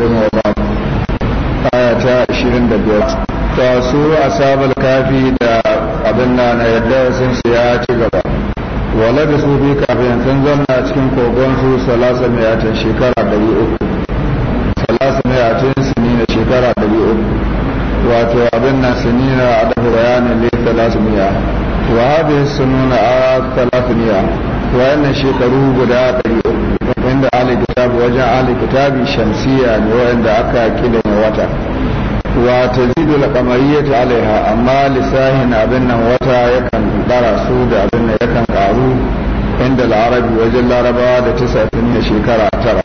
muslim wa ba aya ta 25 ta su asabal kafi da abin na na yadda sun su ya ci gaba wala da su bi kafin sun zanna cikin kogon su salasa miyatin shekara uku. salasa miyatin sinina shekara uku, wato abin na sinina a da bayanin lai salasa miya wa hadis sununa a salasa miya wayannan shekaru guda 300 wanda Ali kitabi wajen Ali kitabi shamsiya ne wayanda aka kida wata wa tazidu al-qamariyyah alaiha amma lisahin abin nan wata yakan dara su da abin nan yakan ƙaru, inda al wajen larabawa da da shekara tara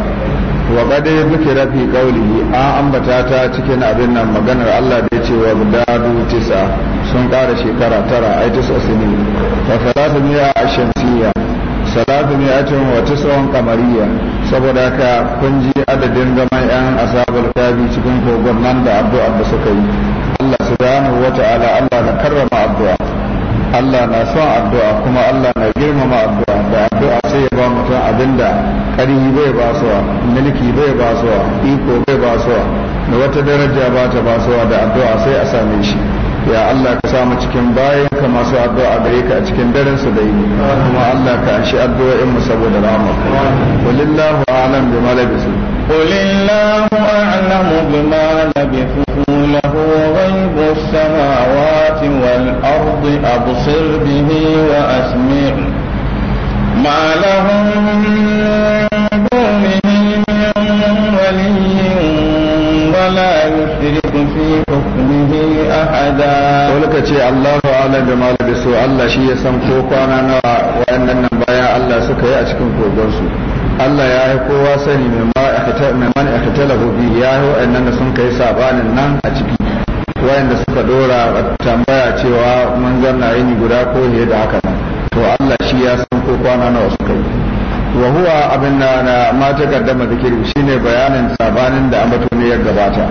wa qad muke rafi qawlihi an ambata ta cikin abin nan maganar Allah da ce wa bidadu tisa sun kara shekara tara ai tisa sinin fa a miya shamsiyya salatu mi'atun wa tis'un kamariya saboda ka kun ji adadin gaman yan asabul kabi cikin kogon nan da addu'a da suka yi Allah subhanahu wa ta'ala Allah na karrama addu'a Allah na son addu'a kuma Allah na girmama addu'a da addu'a sai ya ba mutum abinda ƙarfi bai basuwa mulki bai basuwa iko bai basuwa na wata daraja ba ta basuwa da addu'a sai a same shi ya Allah ka samu cikin bayan ka masu addu'a gare ka a cikin daren su da yini kuma Allah ka shi addu'o'in mu saboda rahama walillahu a'lam bima labisu walillahu a'lam bima labisu lahu ghaibu as-samawati wal ardi absir bihi wa asmi' ma lahum min dunihi min waliyyin wa la yusri في حكمه أحدا ولك شيء الله أعلم بما لبسوا الله شيء يسمكو قانا وأن النبايا الله سكي أشكم كوبرسو Allah ya yi kowa sani mai man ikhtalafu bi ya yi wa'annan da sun kai sabanin nan a ciki wa'anda suka dora tambaya cewa mun zanna yini guda ko da haka nan to Allah shi ya san ko kwana nawa suka yi wa huwa abin na ma taqaddama zikiru shine bayanin sabanin da ambato ne ya gabata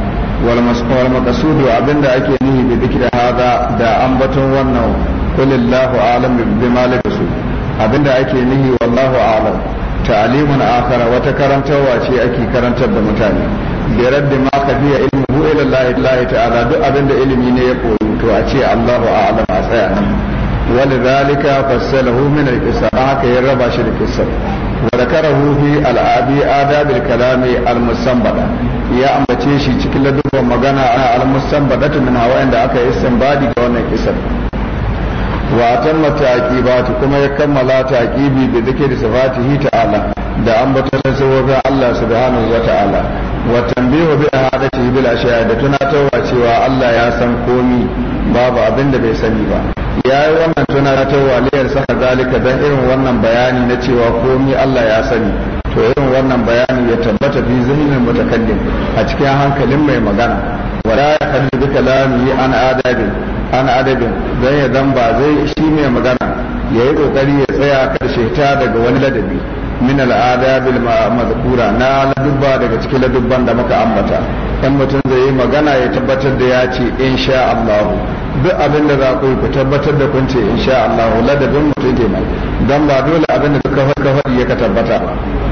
wal masqal maqsudu abinda ake nihi bi zikri hada da ambaton wannan kulillahu alam bi malikasu abinda ake nihi wallahu alam ta'alimun akara wata karantarwa ce ake karantar da mutane bi raddi ma kafiya ilmuhu ila Allah duk abinda ilimi ne ya koyi to a ce Allahu a'lam a tsaya nan ولذلك فسله من ya raba shi da السبب وذكره في الآبي آداب الكلام المستنبطة ya ambace shi cikin ladubban magana ana almusan badatu min hawa da aka isan istinbadi ga wannan kisan wa atamma taqibatu kuma ya kammala ta bi zikri sifatihi ta'ala da ambatar sabbin Allah subhanahu wa ta'ala wa tanbihu bi ahadatihi bil ashiya da tunatarwa cewa Allah ya san komi babu abin da bai sani ba ya yi wannan tunatarwa liyar sa zalika don irin wannan bayani na cewa komi Allah ya sani to irin wannan bayani ya tabbata fi zihnin mutakallim a cikin hankalin mai magana wala ya kalli lami yi an adabin an adabin dan ya zan ba zai shi mai magana ya yi kokari ya tsaya karshe ta daga wani ladabi min al'ada bil madhkura na ladubba daga cikin ladubban da muka ambata in mutum zai yi magana ya tabbatar da ya ce insha Allah duk abin da za ku yi ku tabbatar da kun ce insha Allah ladabin mutum kenan dan ba dole abin da kuka faɗa faɗi ya ka tabbata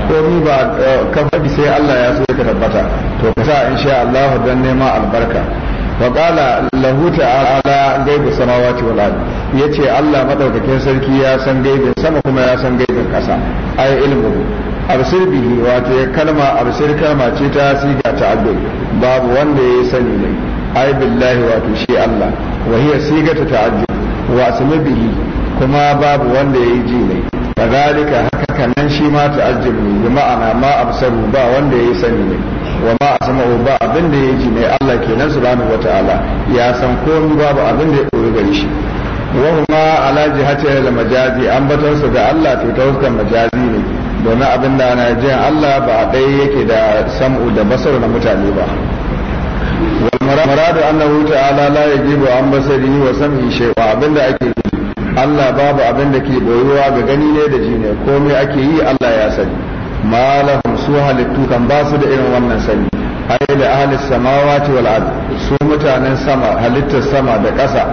ko ni ba eh, ka faɗi sai Allah ya so ya tabbata to ka sa insha Allah dan nema albarka faƙala lahu ta'ala gaibu samawati wal ardi yace Allah madaukakin sarki ya san gaibin sama kuma ya san gaibin ƙasa ay ilmu absir bihi wato ya kalma absir ce ta siga ta abdul babu wanda ya sani ne ay billahi wato shi Allah wa hiya sigata ta'ajjub wa asmi bihi kuma babu wanda ya yi ji ne kadalika haka kanan shi ma ta'ajjub ne bi ma'ana ma absaru ba wanda ya yi sani ne wa ma asma'u ba abin da yake mai Allah kenan subhanahu wataala ya san komai babu abin da ya koyi gare shi wa huma ala jihati al-majazi an batar su ga Allah to ta majazi ne domin abin da ana jiya Allah ba a ɗaya yake da sam'u da basar na mutane ba ta'ala la yajibu an basari wa sam'i shay wa abin da ake Allah babu abin da ke boyuwa ga gani ne da ji ne komai ake yi Allah ya sani malahum su halittu kan ba su da irin wannan sani ai da ahli samawati wal ard su mutanen sama halittar sama da ƙasa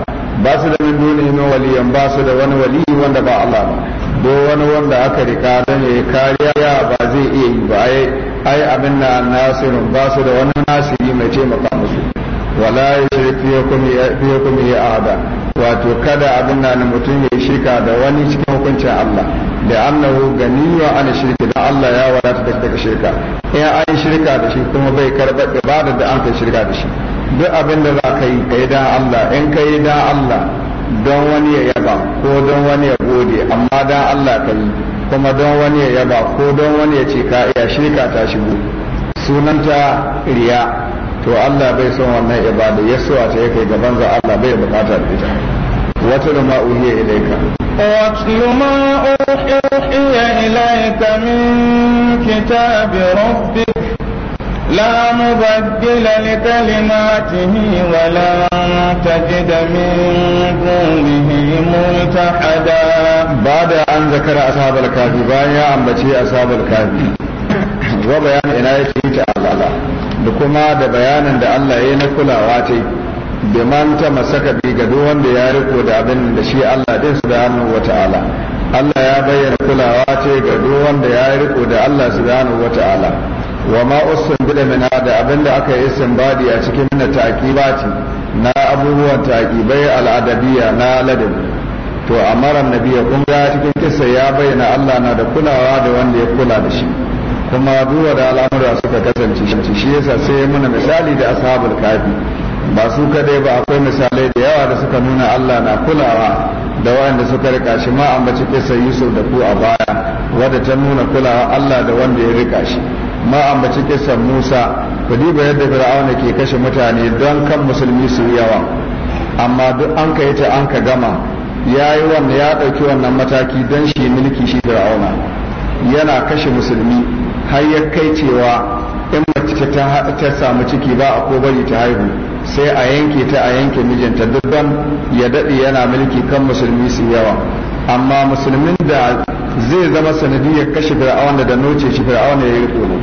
ba su da min duni ne waliyan ba su da wani wali wanda ba Allah ba do wani wanda aka rika da ne kariya ba zai iya yi ba ai ai abin da nasirun ba su da wani nasiri mai taimaka musu wala yushrik fi hukmihi ahada wato kada abin nan mutum ya shirka da wani cikin hukuncin Allah da annahu ganiyu an shirka da Allah ya wadata daga daga shirka in an shirka da shi kuma bai karba ibada da an kai shirka da shi duk abin da za ka yi kai dan Allah in ka yi Allah don wani ya yaba ko don wani ya gode amma dan Allah kai kuma don wani ya yaba ko don wani ya ce ka iya shirka ta shigo sunanta riya to Allah bai son wannan ibada ya so ta yake gaban za Allah bai bukata da ita wata da ma'uhiya ilaika واتل ما أوحي إليك من كتاب ربك لا مبدل لكلماته ولا تجد من دونه ملتحدا بعد أن ذكر أصحاب الكافي بايا أن بشي أصحاب الكافي wa bayanin ina ya ce ta alala da kuma da bayanin da Allah ya na kulawa ta da man ta masaka bi ga duk wanda ya riko da abin da shi Allah din subhanahu wata'ala Allah ya bayyana kulawa ta ga duk wanda ya riko da Allah subhanahu wata'ala wa ma usun da mina da abin da aka yi istinbadi a cikin na taqibati na abubuwan taqibai al'adabiyya na ladabi to amaran nabiya kun ga cikin kisa ya bayyana Allah na da kulawa da wanda ya kula da shi kuma duwa da al'amura suka kasance shi yasa sai ya muna misali da ashabul kafi ba su kadai ba akwai misalai da yawa da suka nuna Allah na kulawa da wanda suka rika shi ma an bace kisa Yusuf da ku a baya wadda ta nuna kulawa Allah da wanda ya rika shi ma an bace kisa Musa ku diba yadda Fir'auna ke kashe mutane don kan musulmi su yawa amma duk an ka ta an ka gama ya yi ya ɗauki wannan mataki don shi mulki shi Fir'auna yana kashe musulmi har ya kai cewa in mace ta ta samu ciki ba a ko bari ta haihu sai a yanke ta a yanke mijinta dubban ya daɗe yana mulki kan musulmi su yawa amma musulmin da zai zama sanadiyar kashe fir'auna da noce shi fir'auna ya yi tsoro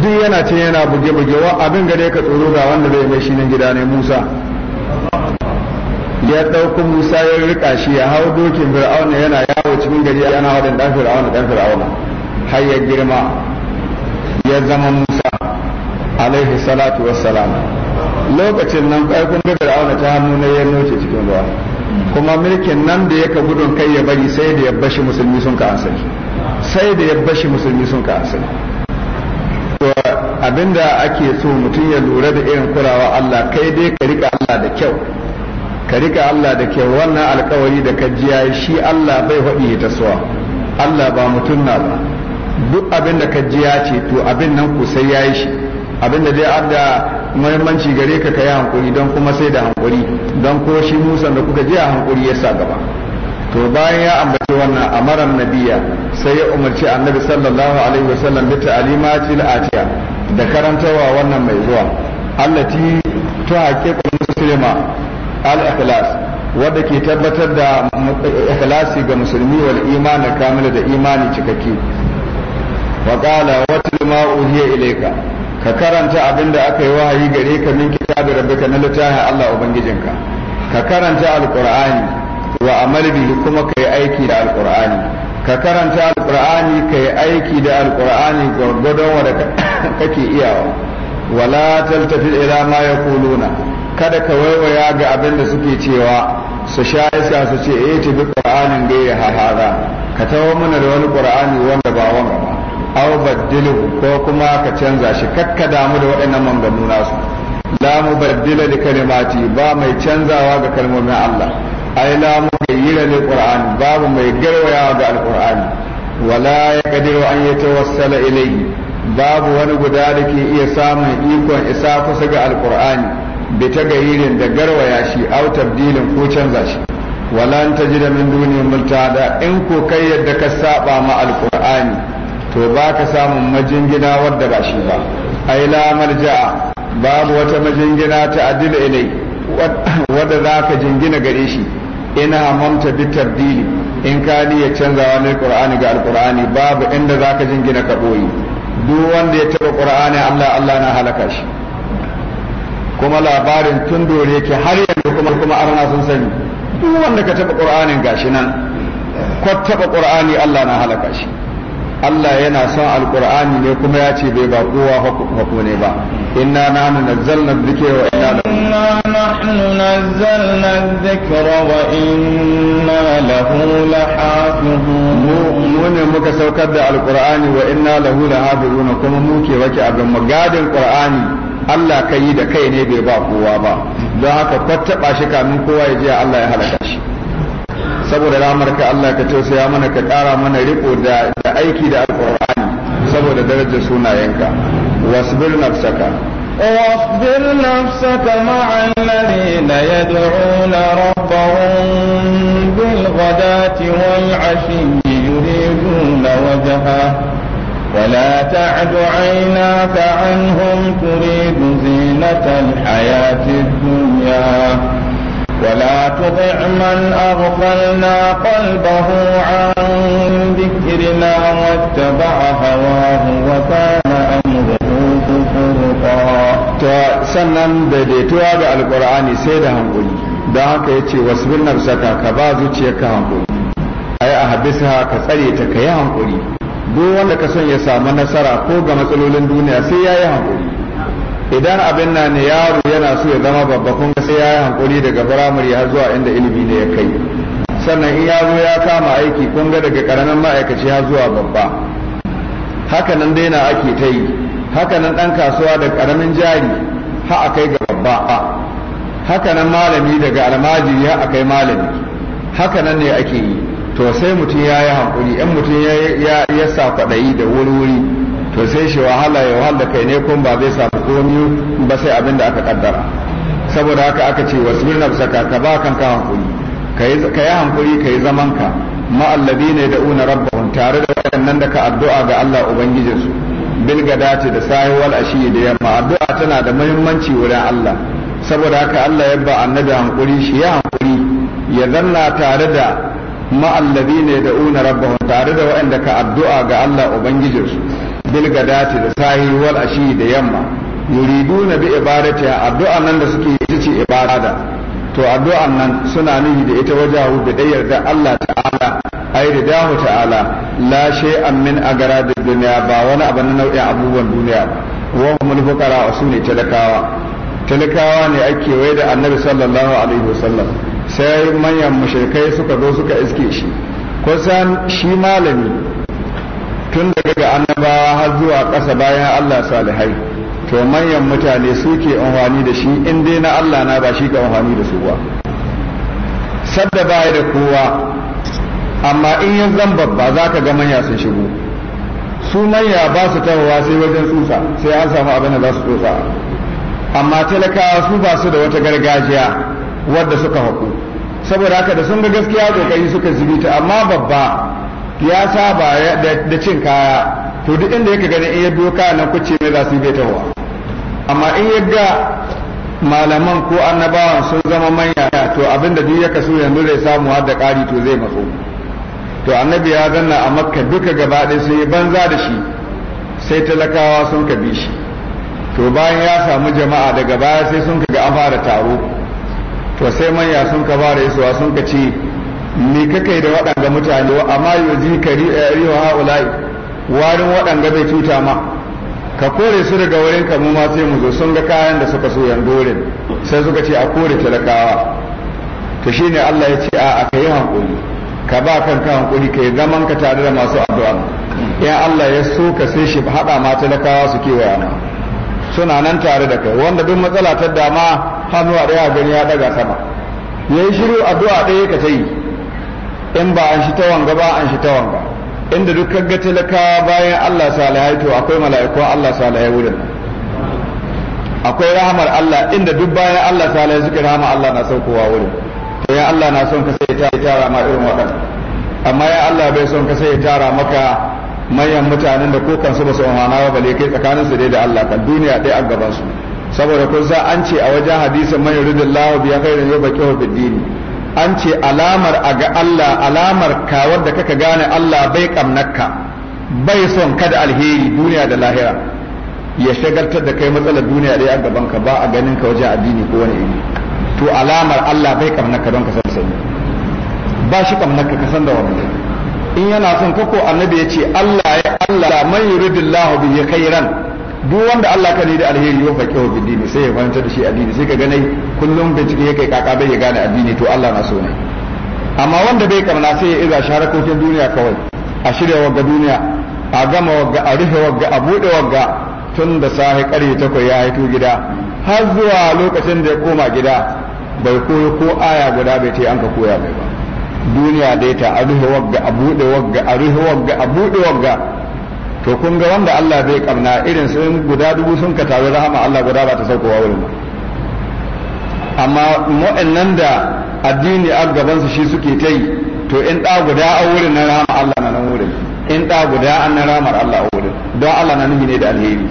duk yana ce yana buge-buge wa abin gare ka tsoro ga wanda zai mai shinin gida ne musa ya ɗauko musa ya rika shi ya hau dokin fir'auna yana yawo cikin gari yana haɗin ɗan fir'auna ɗan fir'auna har ya girma ya zama musa alaihi salatu wassalam lokacin nan kun ga fir'auna ta hannu na ya noce cikin ruwa kuma mulkin nan da ka gudun kai ya bari sai da ya bashi musulmi sun ka ansari sai da ya bashi musulmi sun ka ansari to abinda ake so mutum ya lura da irin kurawa Allah kai dai ka rika Allah da kyau ka rika Allah da kyau wannan alkawari da ka jiya shi Allah bai faɗi ta suwa Allah ba mutum na ba duk abin da ka ji ya ce to abin nan ku sai ya yi shi abin da dai adda muhimmanci gare ka ka yi hankuri don kuma sai da hankuri don ko shi musan da kuka ji a hankuri ya sa gaba to bayan ya ambaci wannan amaran nabiya sai ya umarci annabi sallallahu alaihi wasallam bi ta'limatil atiya da karantawa wannan mai zuwa allati tuhaqqiqul muslima al-ikhlas wadda ke tabbatar da ikhlasi ga musulmi wal imani kamila da imani cikakke wa qala watul ma uhiya ilayka ka karanta abin da aka yi wahayi gare ka min kitabi rabbika na littafin Allah ubangijinka ka karanta alqur'ani wa amal bihi kuma ka yi aiki da alqur'ani ka karanta alqur'ani ka yi aiki da alqur'ani gwargwadon wanda kake iyawa wala taltafi ila ma yaquluna kada ka waiwaya ga abin da suke cewa su sha iska su ce eh tabi qur'anin gairi haza." ka tawo mana da wani qur'ani wanda ba wanga ba aw baddilu ko kuma ka canza shi kakka damu da waɗannan manganu nasu la baddila li kalimati ba mai canzawa ga kalmomin Allah ai la gayyira li qur'an babu mai garwaya ga alqur'ani wala yaqdiru an yatawassala ilayhi babu wani guda da ke iya samun ikon isa kusa ga alqur'ani bi gayyirin da garwaya shi au tabdilin ko canza shi wala tajida min duni multada in ko kai yadda ka saba ma alqur'ani to ba ka samun majingina wadda ba shi ba ai lamar marja'a babu wata majingina ta adil ilai wadda za ka jingina gare shi ina hamamta bitar dili in ka ya canzawa ne qur'ani ga alqur'ani babu inda za ka jingina ka boye duk wanda ya taba qur'ani Allah Allah na halaka shi kuma labarin tun dore yake har yanzu kuma kuma arna sun sani duk wanda ka taba qur'anin gashi nan ko taba qur'ani Allah na halaka shi Allah yana son alqur'ani ne kuma ya ce bai ba kowa hako ne ba inna nahnu nazzalna dhikra wa inna nahnu nazzalna dhikra wa inna lahu lahafizun mu ne muka saukar da alqur'ani wa inna lahu lahafizun kuma muke wake abin magadin qur'ani Allah ka yi da kai ne bai ba kowa ba don haka kwattaba shi kamin kowa ya je Allah ya halaka shi saboda ramarka Allah ka tausaya mana ka ƙara mana riko da aiki da alƙur'ani saboda darajar sunayenka wasbir nafsaka واصبر نفسك مع الذين يدعون ربهم بالغداة والعشي يريدون وجهه ولا تعد عيناك عنهم تريد زينة الحياة الدنيا ولا تطع من أغفلنا قلبه عن ذكرنا واتبع هواه وكان أمره فرطا sannan daidaituwa da alkur'ani sai da hankuli don haka ya ce wasu bin nafsaka ka ba zuciyarka hankuli ai a habisa ka tsare ta ka yi hankuli duk wanda ka san ya samu nasara ko ga matsalolin duniya sai ya yi hankuli idan abin na ne yaro yana so ya zama babba kun sai ya yi hankuri daga firamare har zuwa inda ilimi ne ya kai sannan in yaro ya kama aiki kun ga daga karamin ma'aikaci har zuwa babba haka nan dai na ake ta yi haka nan ɗan kasuwa da karamin jari ha a kai ga babba haka nan malami daga almajiri ha a kai malami haka nan ne ake yi to sai mutum yayi yi hankuri in mutum ya sa kwadayi da wuri-wuri to sai shi wahala ya wahala kai ne kun ba zai samu komi ba sai abin da aka kaddara saboda haka aka ce wasu birnin saka ka ba kan ka hankuri ka yi hankuri ka yi zaman ka ma'allabi ne da una rabbahun tare da waɗannan da ka addu'a ga Allah ubangijinsu dace da sahiwal ashi da yamma addu'a tana da muhimmanci wurin Allah saboda haka Allah ya ba annabi hankuri shi ya hankuri ya zanna tare da ma'allabi ne da una rabbahun tare da waɗanda ka addu'a ga Allah ubangijinsu bilgadati da sahi wal ashi da yamma yuriduna bi ibadatiha addu'a nan da suke ita ce ibada to addu'an nan suna nihi da ita wajahu da dayar da Allah ta'ala ai da ta'ala la shay'an min agara da duniya ba wani abu na nau'in abubuwan duniya ba wa humul fuqara su ne talakawa talakawa ne ake wai da annabi sallallahu alaihi wasallam sai manyan mushrikai suka zo suka iske shi kusan shi malami tun daga ga annabawa har zuwa ƙasa bayan Allah salihai to manyan mutane suke amfani da shi in dai na Allah na ba shi ka amfani da su ba sadda baya da kowa amma in yan zamba ba za ka ga manya sun shigo su manya ba su tahowa sai wajen tsusa sai an samu abin da za su tsusa amma talakawa su ba su da wata gargajiya wadda suka haku saboda haka da sun ga gaskiya kokari suka zibita amma babba ya saba da cin kaya to duk inda yake ganin in ya biyo kaya nan kuce ne za su yi bai amma in ya ga malaman ko annabawan sun zama manya to abinda duk ya kaso yanzu zai samu har da ƙari to zai matso to annabi ya zanna a makka duka gaba ɗaya sun yi banza da shi sai talakawa sun ka bi shi to bayan ya samu jama'a daga baya sai sun ka ga an fara taro to sai manya sun ka fara isuwa sun ka ce me kake da waɗanga mutane wa amma yuzi kari wa eh, haulai warin waɗanga bai cuta ma ka kore su daga wurin ka mu ma sai mu zo sun ga kayan da suka so yandorin sai suka ce a kore talakawa to shine Allah ya ce a ka yi hankuli ka ba kanka hankuli ka yi zaman ka tare da masu addu'a ya Allah ya so ka sai shi hada ma talakawa su kewaya ma suna nan tare da kai wanda duk matsala ta dama hannu a daya gani ya daga sama ya yi shiru addu'a ɗaya ka ta yi in ba an shi ta wanga ba an shi ta wanga inda duk ga talaka bayan Allah salihai to akwai mala'iku Allah salihai wurin akwai rahamar Allah inda duk bayan Allah salihai suka rahama Allah na saukowa wurin to ya Allah na son ka sai ta tara ma irin wadan amma ya Allah bai son ka sai ya tara maka manyan mutanen da kokan su ba su amana ba balle kai tsakanin su dai da Allah kan duniya dai an gaban su saboda kun sa an ce a wajen hadisin man yuridillahu bi khairin kyau bid dini an ce alamar a ga Allah alamar ka da kaka gane Allah bai kamnaka bai son kada alheri duniya da lahira ya shagaltar da kai matsalar duniya dai a gaban ka ba a ganin ka wajen addini ko wani iri to alamar Allah bai kamnaka don ka san sani ba shi kamnaka ka san da wani. in yana son kako annabi ya ce Allah ya Allah man yuridillahu bihi khairan duk wanda Allah ka da alheri wa faqihu wa dini sai ya fahimta da shi addini sai ka ganai kullum bincike yake kaka bai ya gane addini to Allah na so ne amma wanda bai kamna sai ya iza sharakokin duniya kawai a shirya wagga duniya a gama wagga a rufe wagga a bude wagga tun da sahi kare takwai ya haito gida har zuwa lokacin da ya koma gida bai koyo ko aya guda bai ce an ka koya bai ba duniya dai ta a rufe wagga a bude wagga a rufe wagga a bude wagga to kun ga wanda Allah zai karna irin sun guda dubu sun ka taru rahama Allah guda ba ta saukowa wurin amma mu'annan da addini a su shi suke ta yi to in ɗa guda a wurin na rama Allah na nan wurin in ɗa guda an na rahama Allah a wurin don Allah na nuhi ne da alheri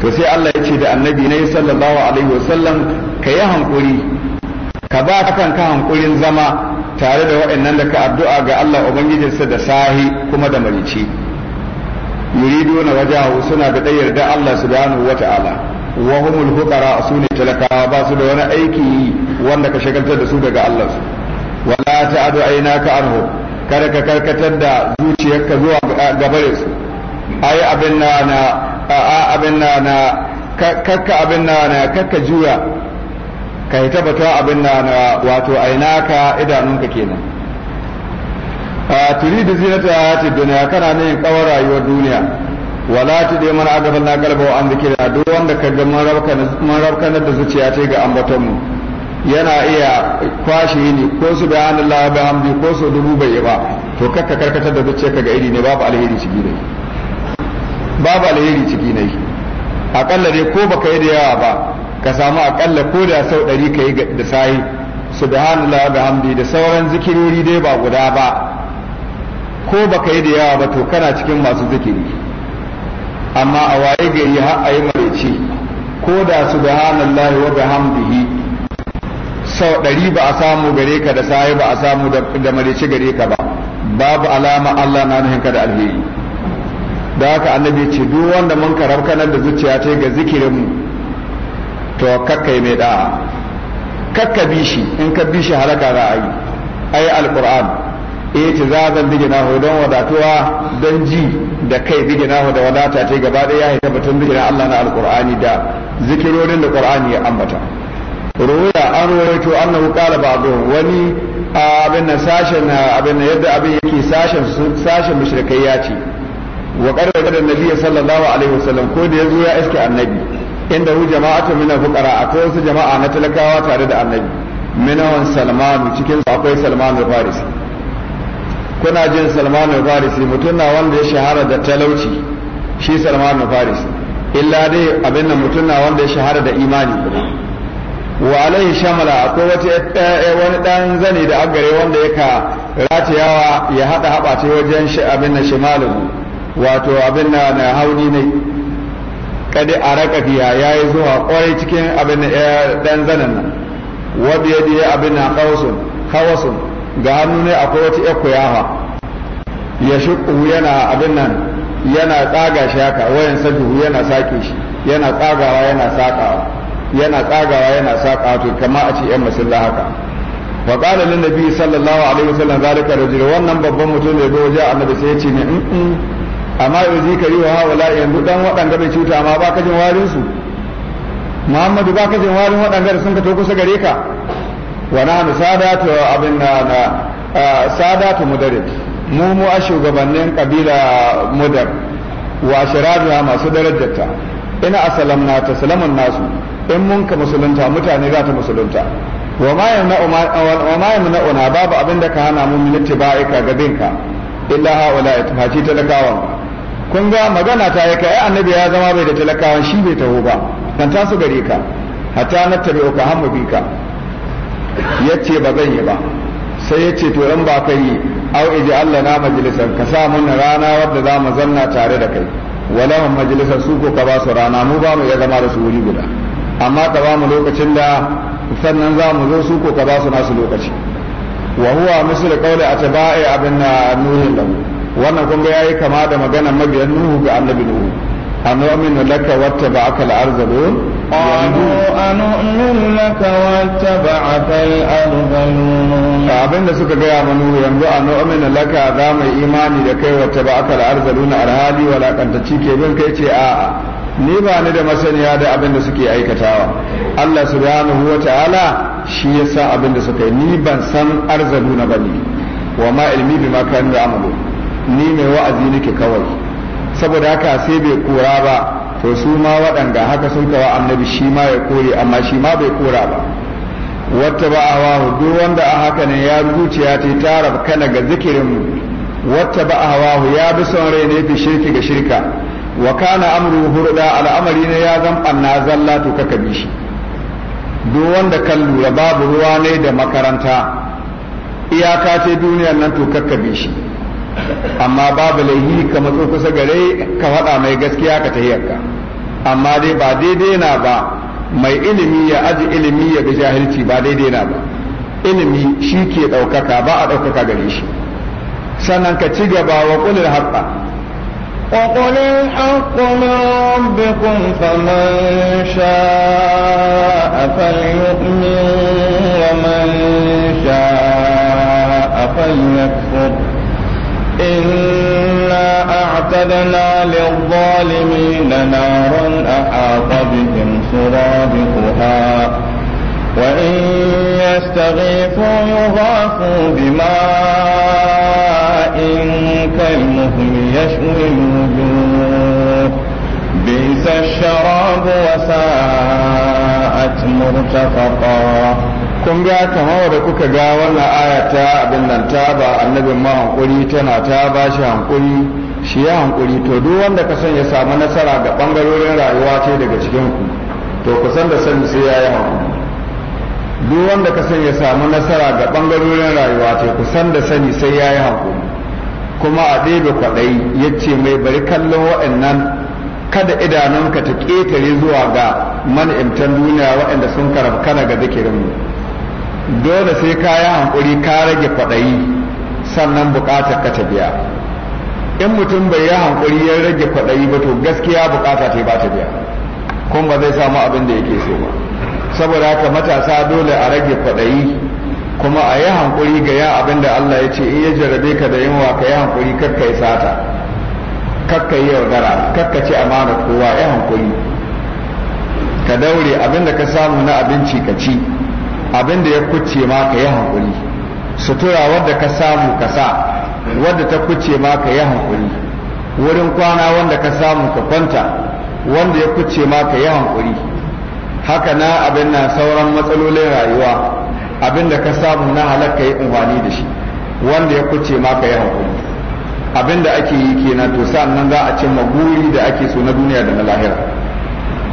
to sai Allah ya ce da annabi na yi sallallahu alaihi wasallam ka yi hankuri ka ba kanka hankurin zama tare da wa'annan da ka addu'a ga Allah ubangijinsa da sahi kuma da marici yuriduna wajahu suna da da Allah subhanahu wata'ala wa humul fuqara sune talakawa ba su da wani aiki wanda ka shagaltar da su daga Allah su wala ta ta'adu ka anhu kada ka karkatar da zuciyarka zuwa gabare su ai abin na na a abin na na kakka abin na na kakka juya ka yi tabbata abin na na wato ainaka idanunka kenan a turi da zina ta hayati duniya kana ne kawar rayuwar duniya wala ta ɗaya mana agaban na galba an zikira duk wanda ka ga mun rabkanar da zuciya ce ga ambatonmu yana iya kwashe ne ko su bayan Allah ba hamdi ko su dubu bai ba to kakka karkatar da zuciya ka ga iri ne babu alheri ciki ne babu alheri ciki ne akalla dai ko baka yi da yawa ba ka samu akalla ko da sau ɗari ka yi da sayi su sahi subhanallah hamdi da sauran zikirori dai ba guda ba ko baka yi da yawa ba to kana cikin masu zikiri amma a waye gari har a yi maraice ko da su lahi wa bihamdihi sau ɗari ba a samu gare ka da sahi ba a samu da maraice gare ka ba babu alama Allah na nuhinka da alheri da haka annabi ce duk wanda mun kanar da zuciya ce ga zikirinmu to yi mai da'a kakka bi shi in ka bi shi halaka za a yi ai alqur'an za zan itizazan biginahu don wadatuwa don ji da kai biginahu da wadata ce gaba ɗaya ya haita batun na Allah na alqur'ani da zikirorin da qur'ani ya ambata ruwaya an rawaito annahu qala ba'du wani abin na sashen abin na yadda abin yake sashen sashen mushrikai ya ce wa qarar da nabi sallallahu alaihi wasallam ko da yazo ya iske annabi inda hu jama'atu min al-fuqara akwai wasu jama'a na talakawa tare da annabi minawan salmanu cikin akwai salmanu farisi kuna jin salman farisi mutum na wanda ya shahara da talauci shi salman farisi illa dai abin da mutum na wanda ya shahara da imani wa alaihi shamala akwai wata wani dan zane da agare wanda yaka ratayawa ya hada haba ta wajen shi abin da shimalu wato abin da na hauni ne kadi a raka yayi zuwa kwarai cikin abin da dan zanen nan wa biyadi abin na qausun hawasun ga hannu ne akwai wata ya kuyafa ya shuku yana abin nan yana tsaga shi haka wayan sabihu yana sake shi yana tsagawa yana sakawa yana tsagawa yana sakawa to kamar a ce yan masilla haka fa qala lin nabi sallallahu alaihi wasallam zalika rajul wannan babban mutum ne goje annabi sai ya ce ne in amma yanzu ka yi wa hawala yanzu dan waɗanda bai cuta amma ba ka jin warin su Muhammadu ba ka jin warin waɗanda sun ka to kusa gare ka wa nahnu sadatu abin na sadatu mudar mu mu a shugabannin kabila mudar wa shirabiya masu darajarta ina na ta salamun nasu in mun ka musulunta mutane za ta musulunta wa ma yamna'una babu abin da ka hana mu a ittiba'ika gabin ka illa haula faci talakawan kun ga magana ta yake ai annabi ya zama bai da talakawan shi bai taho ba kan tasu gare ka hatta na uka tabi'uka bi ka. ya ba zan yi ba sai ya to turan ba kai yi au iji Allah na majalisan ka sa mun rana wadda za mu zanna tare da kai mun majalisan su ko ka ba su rana mu ba mu iya zama da su wuri guda amma ka ba mu lokacin da sannan za mu zo su ko ka ba su nasu lokaci wa huwa misal qawli atba'i abin nuhin lahu wannan kun ga yayi kama da maganar mabiyan nuhu ga annabi nuhu أنؤمن لك واتبعك الأرذلون قالوا أنؤمن لك واتبعك الأرذلون abin da suka gaya ينبو yanzu a nu'minu laka za mu imani da kai wata ba aka al'arzaluna آآ ke bin kai ce a'a ni ba ni da masaniya da abin da suke aikatawa Allah subhanahu wa ta'ala shi ya sa abin da suka ni ban san ba wa ma ilmi bi ma ni mai wa'azi nake kawai saboda haka sai bai kora ba to su ma waɗanda haka sun kawo annabi shi ma ya kore amma shi ma bai kora ba wata ba a duk wanda a haka ne ya zuciya ta tara kana ga zikirin mu wata ba a ya bi son rai ne fi shirki ga shirka wa kana amru hurda al'amari ne ya zan banna zalla to kaka bi shi duk wanda kan lura babu ruwa ne da makaranta iyaka ce duniyar nan to kaka bi shi amma babu laihi ka matso kusa gare ka faɗa mai gaskiya ka tahiyarka amma dai ba daidai na ba mai ilimi ya aji ilimi ya bi jahilci ba daidai na ba ilimi shi ke ɗaukaka ba a ɗaukaka gare shi sannan ka ci gaba wa ƙulil haƙƙa وقل الحق من ربكم فمن شاء فليؤمن ومن شاء فليكفر إنا أعتدنا للظالمين نارا أحاط بهم سرادقها وإن يستغيثوا يغاثوا بماء كالمهم يشوي الوجوه بئس الشراب وساءت مرتفقا kun ga kamar da kuka ga wannan aya ta abin nan ta ba annabin ma hankuri tana ta ba shi hankuri shi ya hankuri to duk wanda ka san ya samu nasara ga bangarorin rayuwa ce daga cikin ku to ku san da sani sai ya yi hankuri duk wanda ka san ya samu nasara ga bangarorin rayuwa ce ku san da sani sai ya yi hankuri kuma a ɗebe kwaɗayi ya ce mai bari kallon waɗannan kada idanunka ta ƙetare zuwa ga man'imtan duniya waɗanda sun karafkana ga zikirinmu dole sai ka yi hankuri ka rage kwaɗayi sannan buƙatar ka ta biya in mutum bai yi hankuri ya rage kwaɗayi ba to gaskiya buƙata ta ba ta biya kuma ba zai samu abin da yake so ba saboda haka matasa dole a rage kwaɗayi kuma a yi hankuri ga ya abin da Allah ya ce in ya jarabe ka da yunwa ka yi hankuri kakka yi sata kakka yi yaudara kakka ci amana kowa ya hankuri ka daure abin da ka samu na abinci ka ci abin da ya kuce ma ka yi hankuli sutura wadda ka samu ka sa wadda ta kuce ma ka yi hankuli wurin kwana wanda ka samu ka kwanta wanda ya kuce ma ka yi hankuli haka na abin na sauran matsalolin rayuwa abin da ka samu na halakka yi umarni da shi wanda ya kuce ma ka yi hankuli abin da ake yi kenan to sa'an nan za a cimma guri da ake so na duniya da na lahira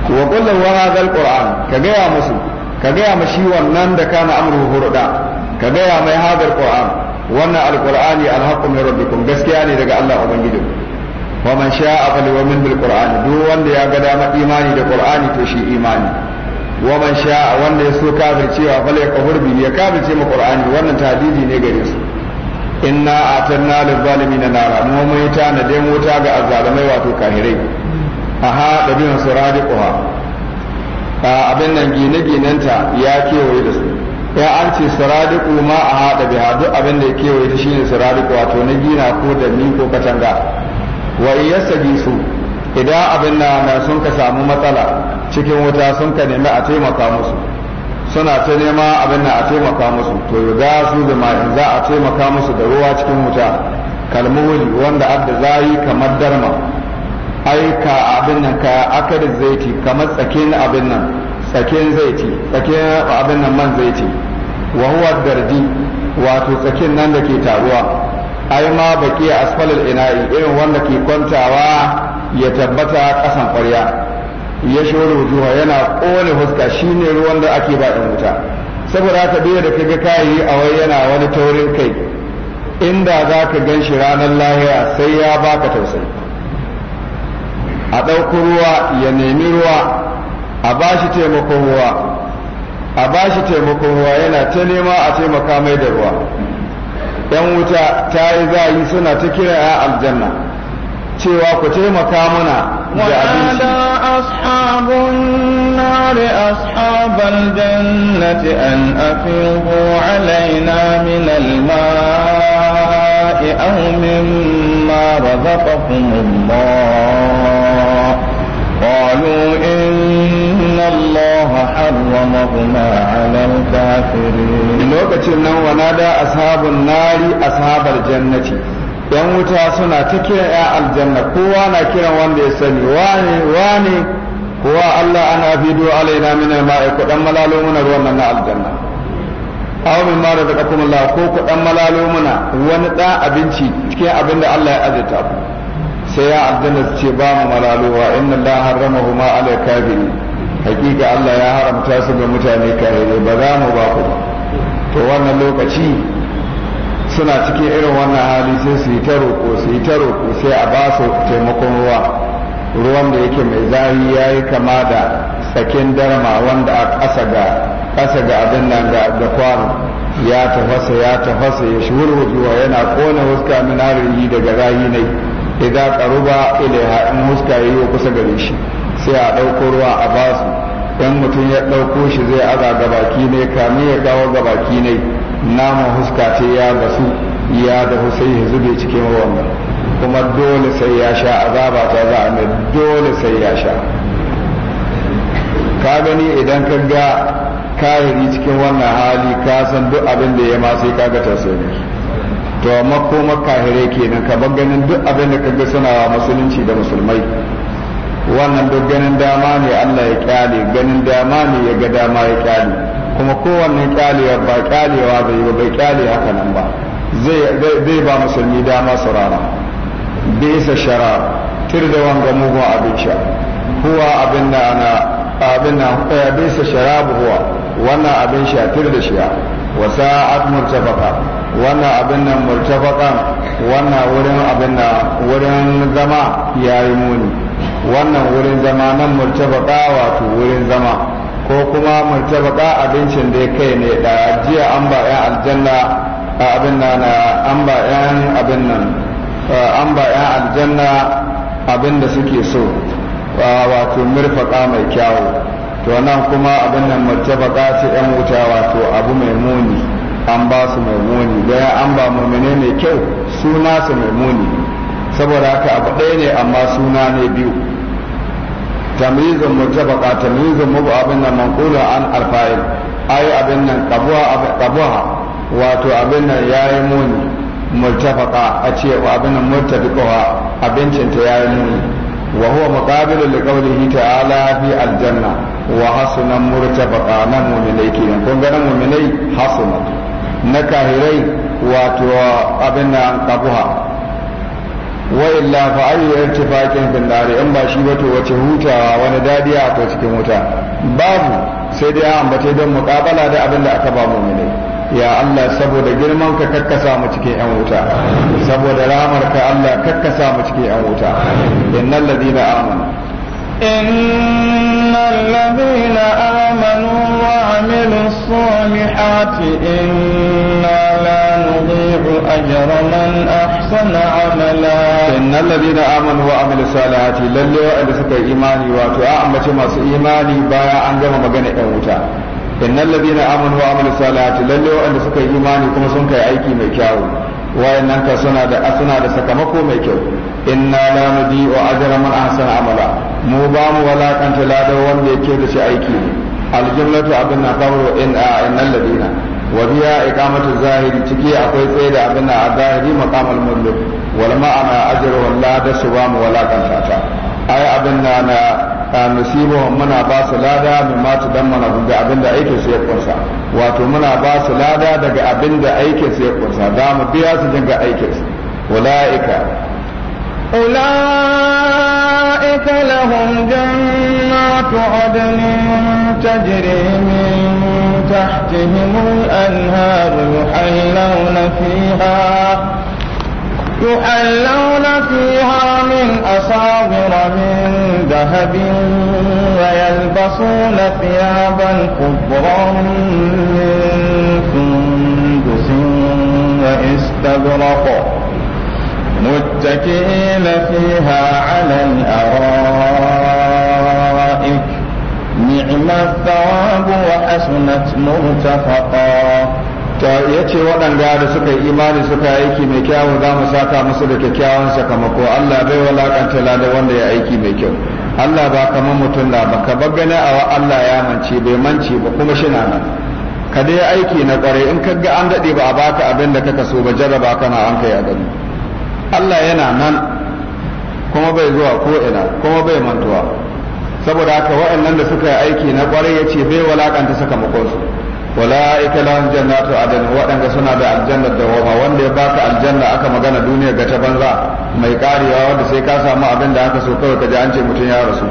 wa kullu wa hadha alquran ka gaya musu ka gaya ma shi wannan da kana amru hurda ka gaya mai hadar qur'an wannan alqur'ani alhaqqu min rabbikum gaskiya ne daga Allah ubangiji wa man sha'a falyu'min bil qur'ani duk wanda ya ga dama imani da qur'ani to shi imani wa man sha'a wanda ya so kafircewa falyakfur bi ya kafirce ma qur'ani wannan tahdidi ne gare su inna atanna lil zalimin nara mu mai tana dai mota ga azzalimai wato kahirai aha da bin suradiquha abin nan gine ginen ta ya kewaye da su ya an ce siradiku ma a haɗa biya duk abin da ya kewaye ta shine siradiku wato na gina ko da ni ko katanga wa iya sabi su idan abin na na sun ka samu matsala cikin wuta sun ka nemi a taimaka musu suna ta nema abin na a taimaka musu to za su zama in za a taimaka musu da ruwa cikin wuta kalmuhuli wanda adda zai kamar darma ai ka abin nan ka akar zaiti kamar tsakin abin nan tsakin zaiti tsakin abin nan man zaiti wa huwa gardi wato tsakin nan da ke taruwa ai ma baki asfalal ina'i irin wanda ke kwantawa ya tabbata kasan ƙwarya ya shoro juwa yana ƙone huska shine ruwan da ake ba ɗan wuta saboda ka biya da ga kayi a wai yana wani taurin kai inda za ka gan shi ranar lahiya sai ya baka tausayi a ɗauko ruwa ya nemi ruwa a ba shi taimakon ruwa a ba shi taimakon ruwa yana ta nema a taimaka mai da ruwa yan wuta ta yi zayi suna ta kira ya aljanna cewa ku taimaka mana da abinci النار أصحاب الجنة أن alaina علينا من أو مما رزقكم الله قالوا إن الله حرمهما على الكافرين لوكتين ونادى أصحاب النار أصحاب الجنة ɗan wuta suna ta kiran ya aljanna kowa na kiran wanda ya sani wani wani kowa Allah ana fido alaina min al-ma'i ku dan malalo muna ruwan nan na aljanna aw min ma da kuma Allah ko ku dan malalo muna wani da abinci cikin abinda Allah ya azurta ku sai ya abdullah ce ba mu malaluwa inna la haramahu ma ala kafiri hakika Allah ya haramta su ga mutane kafirai ba za mu ba ku to wannan lokaci suna cikin irin wannan hali sai su yi ta roƙo su yi ta sai a ba su taimakon ruwa ruwan da yake mai zahi ya yi kama da tsakin darma wanda a ƙasa ga ƙasa ga abin nan ga kwano ya tafasa ya tafasa ya shi wurwujewa yana ƙona huska minarin daga rayi ne idza karuba ilaiha in huska yayi kusa gare shi sai a dauko ruwa a basu dan mutum ya dauko shi zai aza ga baki ne kamin ya kawo gabaki ne naman huska ce ya basu ya da sai ya zube cikin ruwan kuma dole sai ya sha azaba ta za a mai dole sai ya sha ka gani idan ka ga kahiri cikin wannan hali ka san duk abin da ya ma sai ka ga tausayi to amma ko makahire kenan ka bar ganin duk abin da kaga suna musulunci da musulmai wannan duk ganin dama ne Allah ya kyale ganin dama ne ya ga dama ya kyale kuma kowanne kyalewa ba kyalewa zai yi ba kyale haka nan ba zai ba musulmi dama su rana bisa shara tir da wanga mugun abin sha abin da ana abin nan eh, bisa sharabu huwa wannan abin shatir da shiya wa sa'at murtafaka wannan abin nan murtafakan wannan wurin abin nan wurin zama yayi muni wannan wurin zama nan murtafaka wato wurin zama ko kuma murtafaka abincin da kai ne da jiya an ba ya aljanna abin nan an ba yan abin nan an ba yan aljanna abin da suke so wato murfaka mai kyawu to nan kuma abin nan murtafaka ce yan wuta wato abu mai muni an ba su mai muni daya an ba mumine mai kyau suna su mai muni saboda haka abu ɗaya ne amma suna ne biyu tamizin murtafaka tamizin mubu abin nan manqulun an alfa'il ayi abin nan qabuha wato abin nan yayi muni murtafaka a ce abin nan murtafiqa abincin ta yayi muni wa huwa muqabilun liqawlihi ta'ala fi aljanna wa hasuna murtabaqa nan mu'minai kenan kun ga mu'minai hasuna na kahirai wato abin nan kabuha wa illa fa ayu irtifaqin bin nar in ba shi ba to wace hutawa wani dadi a cikin wuta babu sai dai an bace don muqabala da abin da aka ba mu'minai ya Allah saboda girman ka kakkasa mu cikin yan wuta saboda ramar ka Allah kakkasa mu cikin yan wuta innal ladina amanu innal ladina amanu wa amilus salihati inna la nudhi'u ajra man ahsana amala innal ladina amanu wa amilus salihati lalle wa'anda suka imani wato a ambace masu imani baya an gama magana yan wuta innal ladina Amadu wa amilu salati lalle wanda suka yi imani kuma sun kai aiki mai kyau wayannan ka suna da da sakamako mai kyau inna la nudi'u ajra man ahsana amala mu ba mu walakanta ladan wanda yake da shi aiki ne aljumlatu abin na kawo in a innal ladina wa biya iqamatu zahiri ciki akwai tsaye da abin na zahiri maqamal mulk wal ma'ana ajra wal ladan su ba mu walakanta ta ai abin na na nasibu muna ba su lada min matu dan mana da abin da aikin su ya kunsa wato muna ba su lada daga abin da aikin su ya kunsa da mu biya su jin ga aikin su ulaika ulaika lahum jannatu adnin tajri min tahtihim al-anhar yuhallawna fiha يحلون فيها من أصابر من ذهب ويلبسون ثيابا خضرا من سندس واستبرق متكئين فيها على الأرائك نعم الثواب وحسنت مرتفقا ya ce waɗanda da suka yi imani suka yi aiki mai kyawun za mu saka musu da kyakkyawan sakamako Allah bai walakanta lada wanda ya aiki mai kyau Allah ba kamar mutum da ba ka bagane a wa Allah ya mance bai mance ba kuma shi na nan ka dai aiki na kware in ka ga an daɗe ba a baka abin da kaka so ba jarraba kana an kai a gani Allah yana nan kuma bai zuwa ko ina kuma bai mantuwa saboda haka waɗannan da suka yi aiki na kware ya ce bai walakanta sakamakonsu ulaika lahum jannatu adn waɗanda suna da aljanna dawama wanda ya baka aljanna aka magana duniya ga ta banza mai karewa wanda sai ka samu abin da aka so kawai ka an ce mutum ya rasu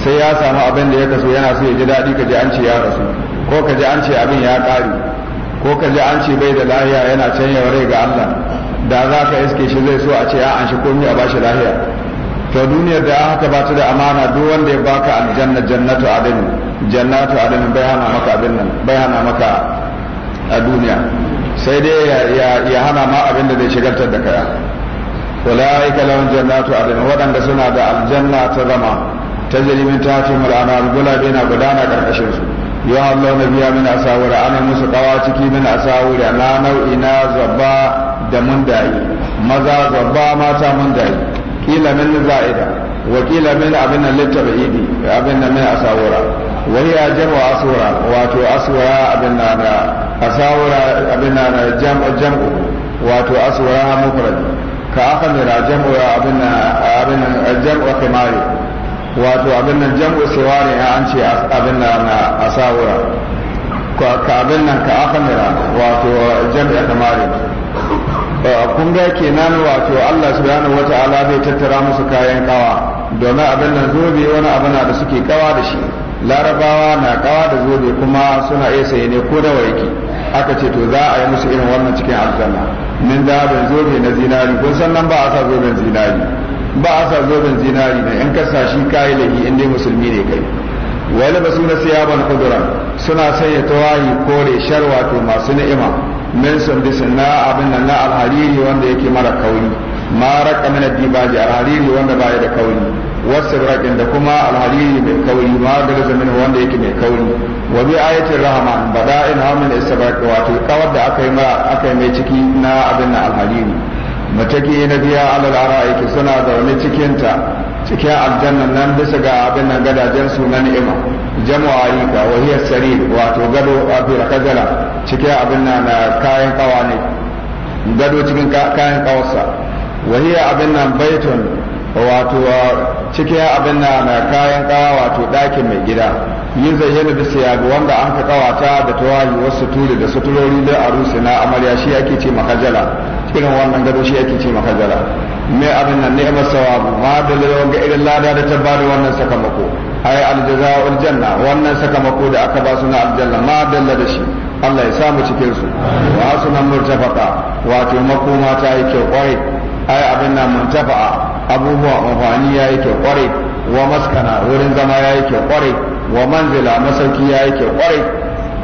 sai ya samu abin da ya kaso yana so ya ji daɗi ka ji an ce ya rasu ko ka ji an ce abin ya kare ko ka ji an ce bai da lahiya yana can rai ga Allah da za ka iske shi zai so a ce a an shi komi a bashi lahiya to duniyar da aka ba ta da amana duk wanda ya baka aljanna jannatu adin jannatu adin bai hana maka abin nan bai hana maka a duniya sai dai ya hana ma abin da zai shigartar da kaya ulaika lahum jannatu adin wadanda suna da aljanna ta zama tajri ta tahtihim al-anhar gulabi na gudana karkashin su ya Allah na biya min asawura ana musu kawa ciki min asawura na nau'i na zabba da mundayi maza zabba mata mundayi kila min za'ida wa kila min abin nan littabi'idi abin nan min asawura wa hiya jam'u asura wato asura abin nan da asawura abin nan da jam'u jam'u wato asura mufrad ka akhamira jam'u abin nan abin nan jam'u khimari wato abin nan jam'u siwari an ce abin nan asawura ka abin nan ka akhamira wato jam'u khimari Eh, kun ga nan wato Allah subhanahu wata'ala zai tattara musu kayan kawa domin abin nan zobe wani abu da suke kawa da shi larabawa na kawa da zobe kuma suna iya saye ne ko da waiki aka ce to za a yi musu irin wannan cikin aljanna min da ban zobe na zinari kun san nan ba a sa zoben zinari ba a sa zoben zinari ne in ka sa shi kayi lahi in dai musulmi ne kai wani basu na siyaban kudura suna sanya tawayi kore sharwa to masu ni'ima min sundusin na abin nan na alhariri wanda yake mara kauri ma raka min dibaji alhariri wanda baya da kauri wasu rakin da kuma alhariri mai kauri ma da zamin wanda yake mai kauri wa bi ayatin rahman bada'in hamin isabaq wato kawar da aka yi aka yi mai ciki na abin nan alhariri mataki na biya alal ara'iki suna zaune cikinta cikin aljannan nan bisa ga abin nan gadajen su na ni'ima jama'a yi ga wahiyar sarir wato gado a firakazala cikin abin na eh, kayan kawa ne gado cikin kayan kawarsa wahiyar abin nan baitun wato eh, cikin abin na eh, kayan kawa wato ɗakin mai gida yin zayyana da siyabi wanda an ka kawata da tawayi wasu turi da suturori da arusi na amarya shi ake ce makajala irin wannan gado shi ake ce makajala mai abin nan ni'imar sawabu ma da lalawar ga irin lada da ta bada wannan sakamako ai aljaza'ul janna wannan sakamako da aka ba su na aljanna ma dalla da shi Allah ya samu cikin su wa sunan murtafaqa wato makoma ta yi kyau kwarai ai abin nan muntafa'a abubuwa amfani ya yi kyau kwarai wa maskana wurin zama ya yi kyau kwarai wa manzila masauki ya yi kyau kwarai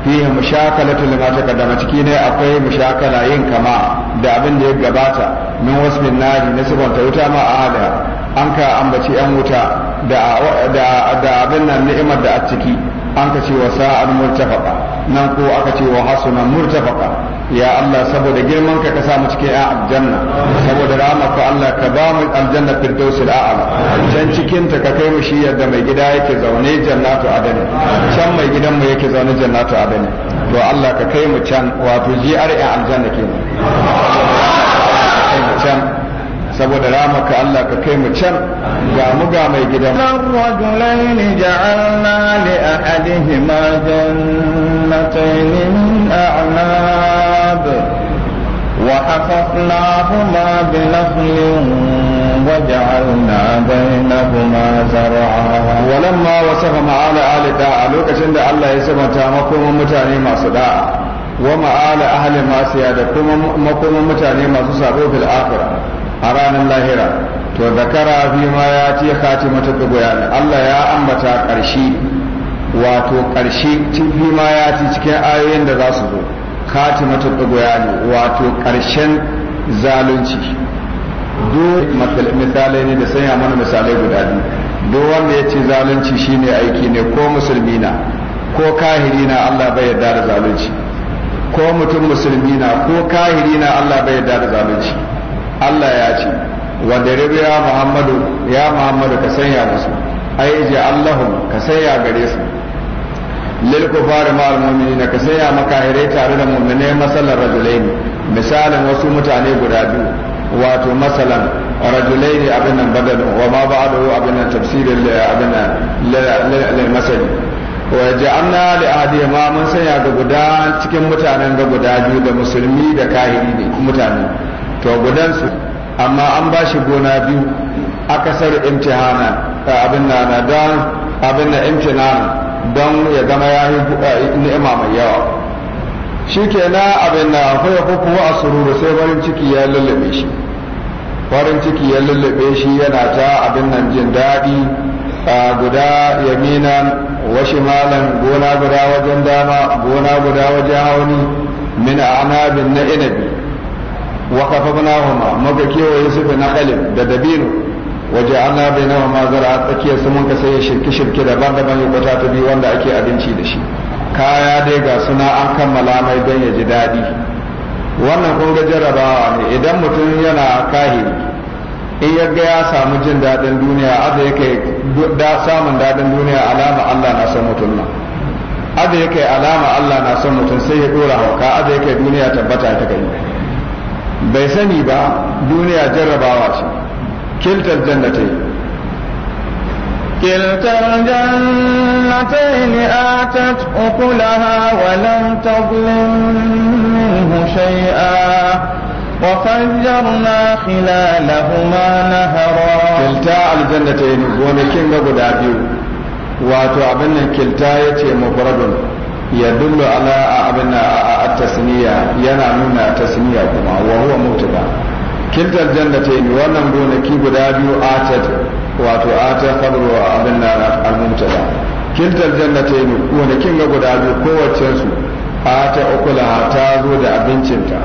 fihi ta lima na ciki ne akwai mushakala yin kama da abin da ya gabata min wasu nari na sifanta wuta ma hada an ka ambaci yan wuta da da abin nan ni'imar da a ciki an ka ce wa sa'ar murtafaka nan ko aka ce wa hasuna murtafaka ya Allah saboda girman ka ka sa mu cikin aljanna saboda rahama ko Allah ka ba mu aljanna firdausul a'la can cikin ta ka kai mu shi yadda mai gida yake zaune jannatu adani can mai gidan mu yake zaune jannatu adani to Allah ka kai mu can wato GRA aljanna kenan can saboda ramaka Allah ka kai mu can ga mu ga mai gidan الرجلين جعلنا لأحدهما جنتين من أعناب وحففناهما بنخل وجعلنا بينهما زرعا ولما وصف معال آل داء لوكشن دا الله يسمى تامكم متاني ما صداء ومعال أهل ما سيادة كم مكم متاني ما سسابه في الآخرة a ranar lahira to zakara fi ma ya ce khatimatu dubuyan Allah ya ambata ƙarshe wato ƙarshe fi ma ya ce cikin ayoyin da za su zo khatimatu dubuyan wato ƙarshen zalunci duk misalai ne da sanya mana misalai guda biyu duk wanda ya ce zalunci shine aiki ne ko musulmi na ko kahiri na Allah bai yarda da zalunci ko mutum musulmi na ko kahiri na Allah bai yarda da zalunci Allah ya ce wa daribu ya Muhammadu ya Muhammadu ka sanya musu ai je Allahum ka sanya gare su lil kufari ma'al mu'minina ka sanya makahire tare da mu'minai masalan rajulain misalin wasu mutane guda biyu wato masalan rajulain abin nan badal wa ma ba'dahu abin nan tafsirin abin nan lil masal wa ja'alna li ma mun sanya ga guda cikin mutanen ga guda biyu da musulmi da kahiri ne mutane to gudansu amma an ba shi gona biyu akasar imtihana abin na na don abin na imtihana don ya zama ya yi ni'ima mai yawa shi ke na abin na ya kuku a sururu sai farin ciki ya lullube shi farin ciki ya lullube shi yana ta abin nan jin daɗi guda wa shi malam gona guda wajen dama gona guda wajen hauni min anabin na inabi wa kafafnahuma muka kewaye su da naqalin da dabino waje ana bainahuma zara tsakiyar su muka sai shirki shirki daban-daban ya kwata ta biyu wanda ake abinci da shi kaya dai ga suna an kammala mai don ya ji daɗi wannan kun ga jarrabawa ne idan mutum yana kahiri in ya ga ya samu jin daɗin duniya aza ya kai samun daɗin duniya alama Allah na san mutum na. aza ya kai alama Allah na san mutum sai ya ɗora hauka aza ya kai duniya tabbata ta kai bai sani ba duniya jarrabawa ce kiltar jannatai كلتا الجنتين آتت أكلها ولم تظلم منه شيئا وفجرنا خلالهما نهرا كلتا الجنتين ونكين قبل أبيو واتو أبنى كلتا يتي مفرد ya dullu ala abin a tasniya yana nuna tasniya kuma wa huwa mutuba kiltar jannatayn wannan gonaki guda biyu atat wato ata qabru abin na al-mubtada kiltar jannatayn gonakin ga guda biyu kowace su ata ukulaha ta zo da abincinta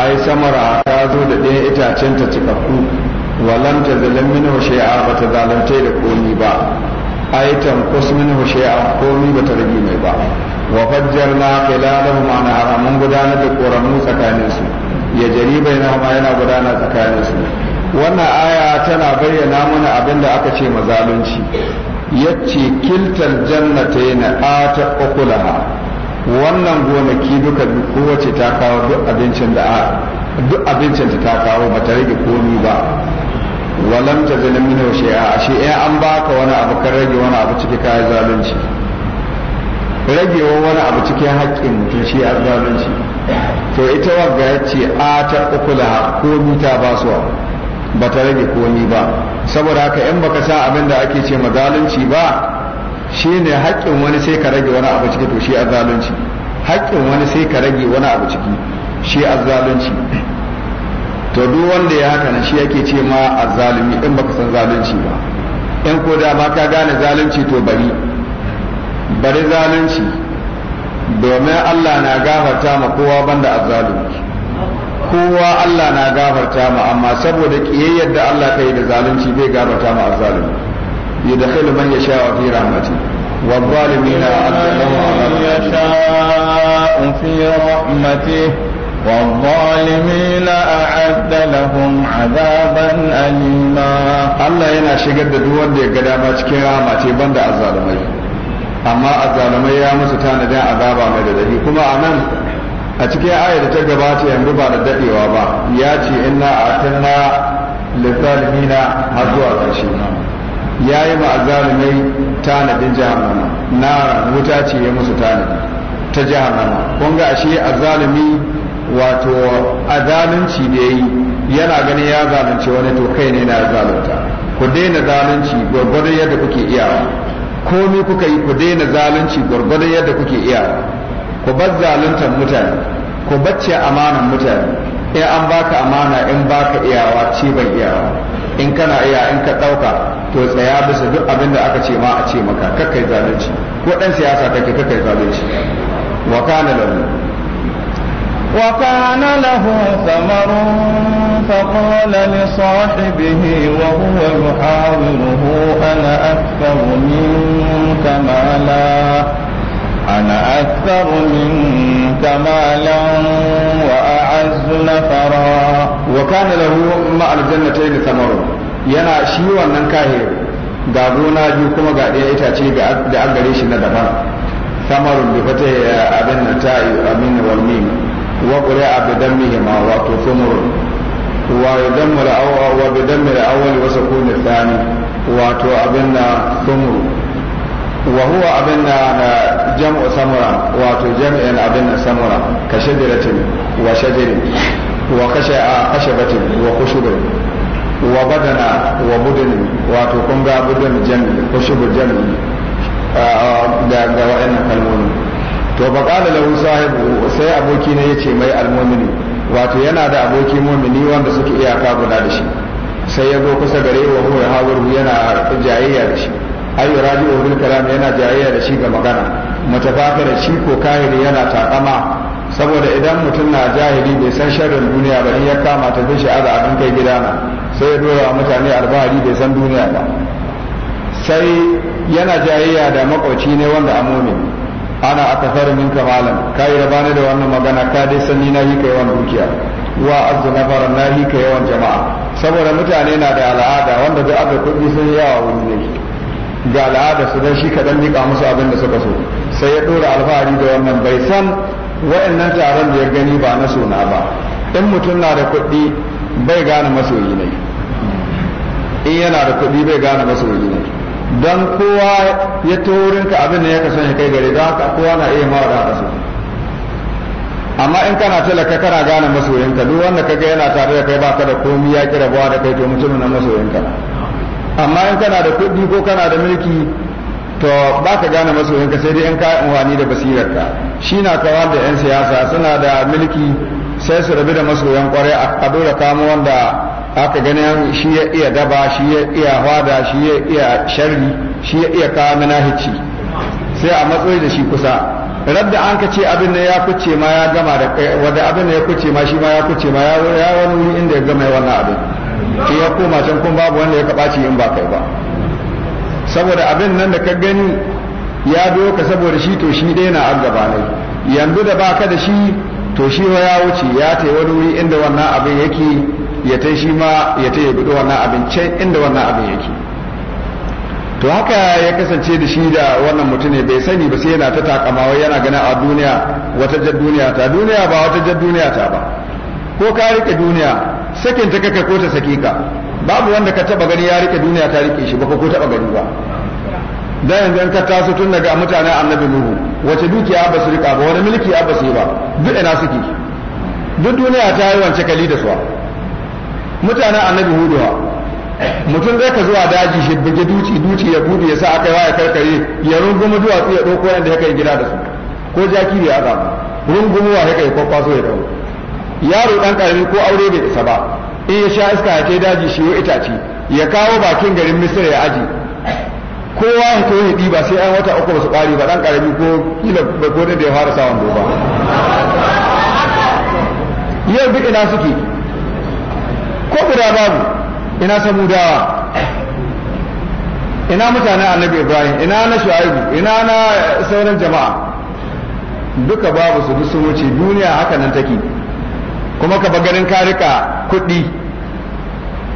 ai samara ta zo da ɗaya itacenta cikakku walam ta zalim minhu shay'a ba zalunce da komi ba ai tanqus minhu shay'a komi bata ta rage mai ba wa fajjarna khilalahum an ara mun gudanar da koramu tsakanin su ya jari bainahuma yana gudana tsakanin su wannan aya tana bayyana mana abin da aka ce mazalunci yace kiltal jannatayn ata ukulaha wannan gonaki duka kowace ta kawo duk abincin da duk abincin ta ta kawo bata rage komi ba walam ta zalim shay'a ashe in an baka wani abu kan rage wani abu ciki kai zalunci ragewa wani abu cikin haƙƙin mutum shi a zalunci to ita wagga ya ce a ta ukula komi ta su ba ta rage komi ba saboda haka in baka sa abin da ake ce mazalunci ba shi ne haƙƙin wani sai ka rage wani abu ciki to shi a zalunci haƙƙin wani sai ka rage wani abu ciki shi a zalunci to duk wanda ya haka shi yake ce ma a zalumi in baka san zalunci ba in ko da ma ka gane zalunci to bari bari zalunci domin Allah na gafarta ma kowa banda azzalumi kowa Allah na gafarta ma amma saboda kiyayyar da Allah ka yi da zalunci zai gafarta ma azzalumi yi da man ya sha wa fi rahmati wa zalimina ya sha fi rahmati wa zalimina a'adda lahum azaban alima Allah yana shigar da duk wanda ya ga dama cikin rahmati banda azzalumai amma azzalumai ya musu tanadin azaba mai dadi kuma a nan a cikin ayar da ta gabata yanzu ba da dadewa ba ya ce inna atanna lizalimina har zuwa ƙarshe ya yi ma azzalumai tanadin jahannama na wuta ce ya musu tanadi ta jahannama kun ga ashe azzalumi wato azalunci da yayi yana ganin ya zalunci wani to kai ne na zalunta ku daina zalunci gwargwadon yadda kuke iyawa komi kuka yi ku daina zalunci gwargwadon yadda kuke iya ku bar zaluntar mutane ku bacce amanan mutane in an baka amana in baka iyawa ce ban iyawa in kana iya in ka ɗauka to tsaya bisa duk abin da aka ce ma a ce maka kakai zalunci ko ɗan siyasa kake kakai zalunci wa kana lahu wa kana lahu samarun فقال لصاحبه وهو يحاوره أنا أكثر منك مالا أنا أكثر منك مالا وأعز نفرا وكان له مع الجنتين ثمر ينا شي wannan kahir ga gona biyu kuma ga ɗaya itace da an gare shi na daban samarun bi fata abin na ta'i amin wal mim wa qura abdan mihima wato sumurun wayo damar awa da damar awali wasa kone tsani wato abin na sumur wa huwa abin na na eh, jam'u samura wato jami'in abin na samura ka shajiratin wa shajirin wa kashe a ah, ashabatin wa kushubin wa badana wa budin wato kun ga budin jami'in kushubin jami'in ah, ah, da ga wa'annan kalmomi to ba qala lahu sahibu sai aboki ne yace mai almu'mini wato yana da aboki mu'mini wanda suke iyaka guda da shi sai ya zo kusa gare wa huwa hawaru yana jayayya da shi ayu raji'u bil kalam yana jayayya da shi ga magana da shi ko kahiri yana takama saboda idan mutum na jahili bai san sharrin duniya ba in ya kama ta fi sha'aza abin kai gida na sai ya dora wa mutane alfahari bai san duniya ba sai yana jayayya da makwauci ne wanda a ana akasar min kamalan yi rabani da wannan magana ka dai sanni na yi yawan dukiya wa na fara na hika yawan jama'a saboda mutane na da al'ada wanda duk aka kuɗi sun yi yawa wani ne ga al'ada su dan shi kaɗan miƙa musu abin da suka so sai ya ɗora alfahari da wannan bai san wa'annan taron da ya gani ba na suna ba in mutum na da kuɗi bai gane masoyi ne in yana da kuɗi bai gane masoyi ne don kowa ya to ka abin da ya kasan ya kai gare don haka kowa na iya mawa da haka amma in kana talaka kana gane masoyinka duk wanda kaga yana tare da kai ba ka da komi ya kira bawa da kai to mutumin na masoyinka amma in kana da kuɗi ko kana da mulki to ba ka gane masoyinka sai dai in ka wani da basirarka shi na kawar da 'yan siyasa suna da mulki sai su rabi da masoyan kwarai a da kamo wanda aka ganin shi ya iya daba shi ya iya hwada shi ya iya sharri shi ya iya kawo manahici sai a matsayi da shi kusa radda an ka ce abin da ya kuce ma ya gama da kai wanda abin da ya kuce ma shi ma ya kuce ma ya wani wuri inda ya gama wannan abin ki ya koma can kun babu wanda ya ci in ba kai ba saboda abin nan da ka gani ya biyo ka saboda shi to shi dai na an ne yanzu da baka da shi to shi ya wuce ya tai wani wuri inda wannan abin yake ya ta shi ma ya ta ya gudu wannan abin can inda wannan abin yake to haka ya kasance da shi da wannan mutum ne bai sani ba sai yana ta takamawa yana gana a duniya wata jar duniya ta duniya ba wata jar duniya ta ba ko ka rike duniya sakin ta kaka ko ta saki ka babu wanda ka taba gani ya rike duniya ta rike shi ba ko taba gani ba da yanzu ka taso tun daga mutanen annabi nuhu wace dukiya ba su rika ba wani mulki ba su yi ba duk ina suke duk duniya ta yi wance kali da su mutanen annabi huduwa mutum zai ka zuwa daji shi buge duci duci ya bude ya sa aka yawa ya karkare ya rungumu duwatsu ya ɗauko yadda ya kai gida da su ko jaki ya haɗa rungumu wa ya kai kwakwaso ya ɗau. yaro ɗan ƙarami ko aure bai isa ba in ya sha iska ya kai daji shi yo itace ya kawo bakin garin misira ya aji kowa ya to ya ɗiba sai an wata uku ba su ƙari ba ɗan ƙarami ko kila ba ko da ya fara sawan ba. yau duk ina suke ko guda babu ina samudawa ina a annabi ibrahim ina na shu'aibu ina na sauran jama'a duka babu su dusu sun wuce duniya haka nan take kuma ka ganin ka rika kuɗi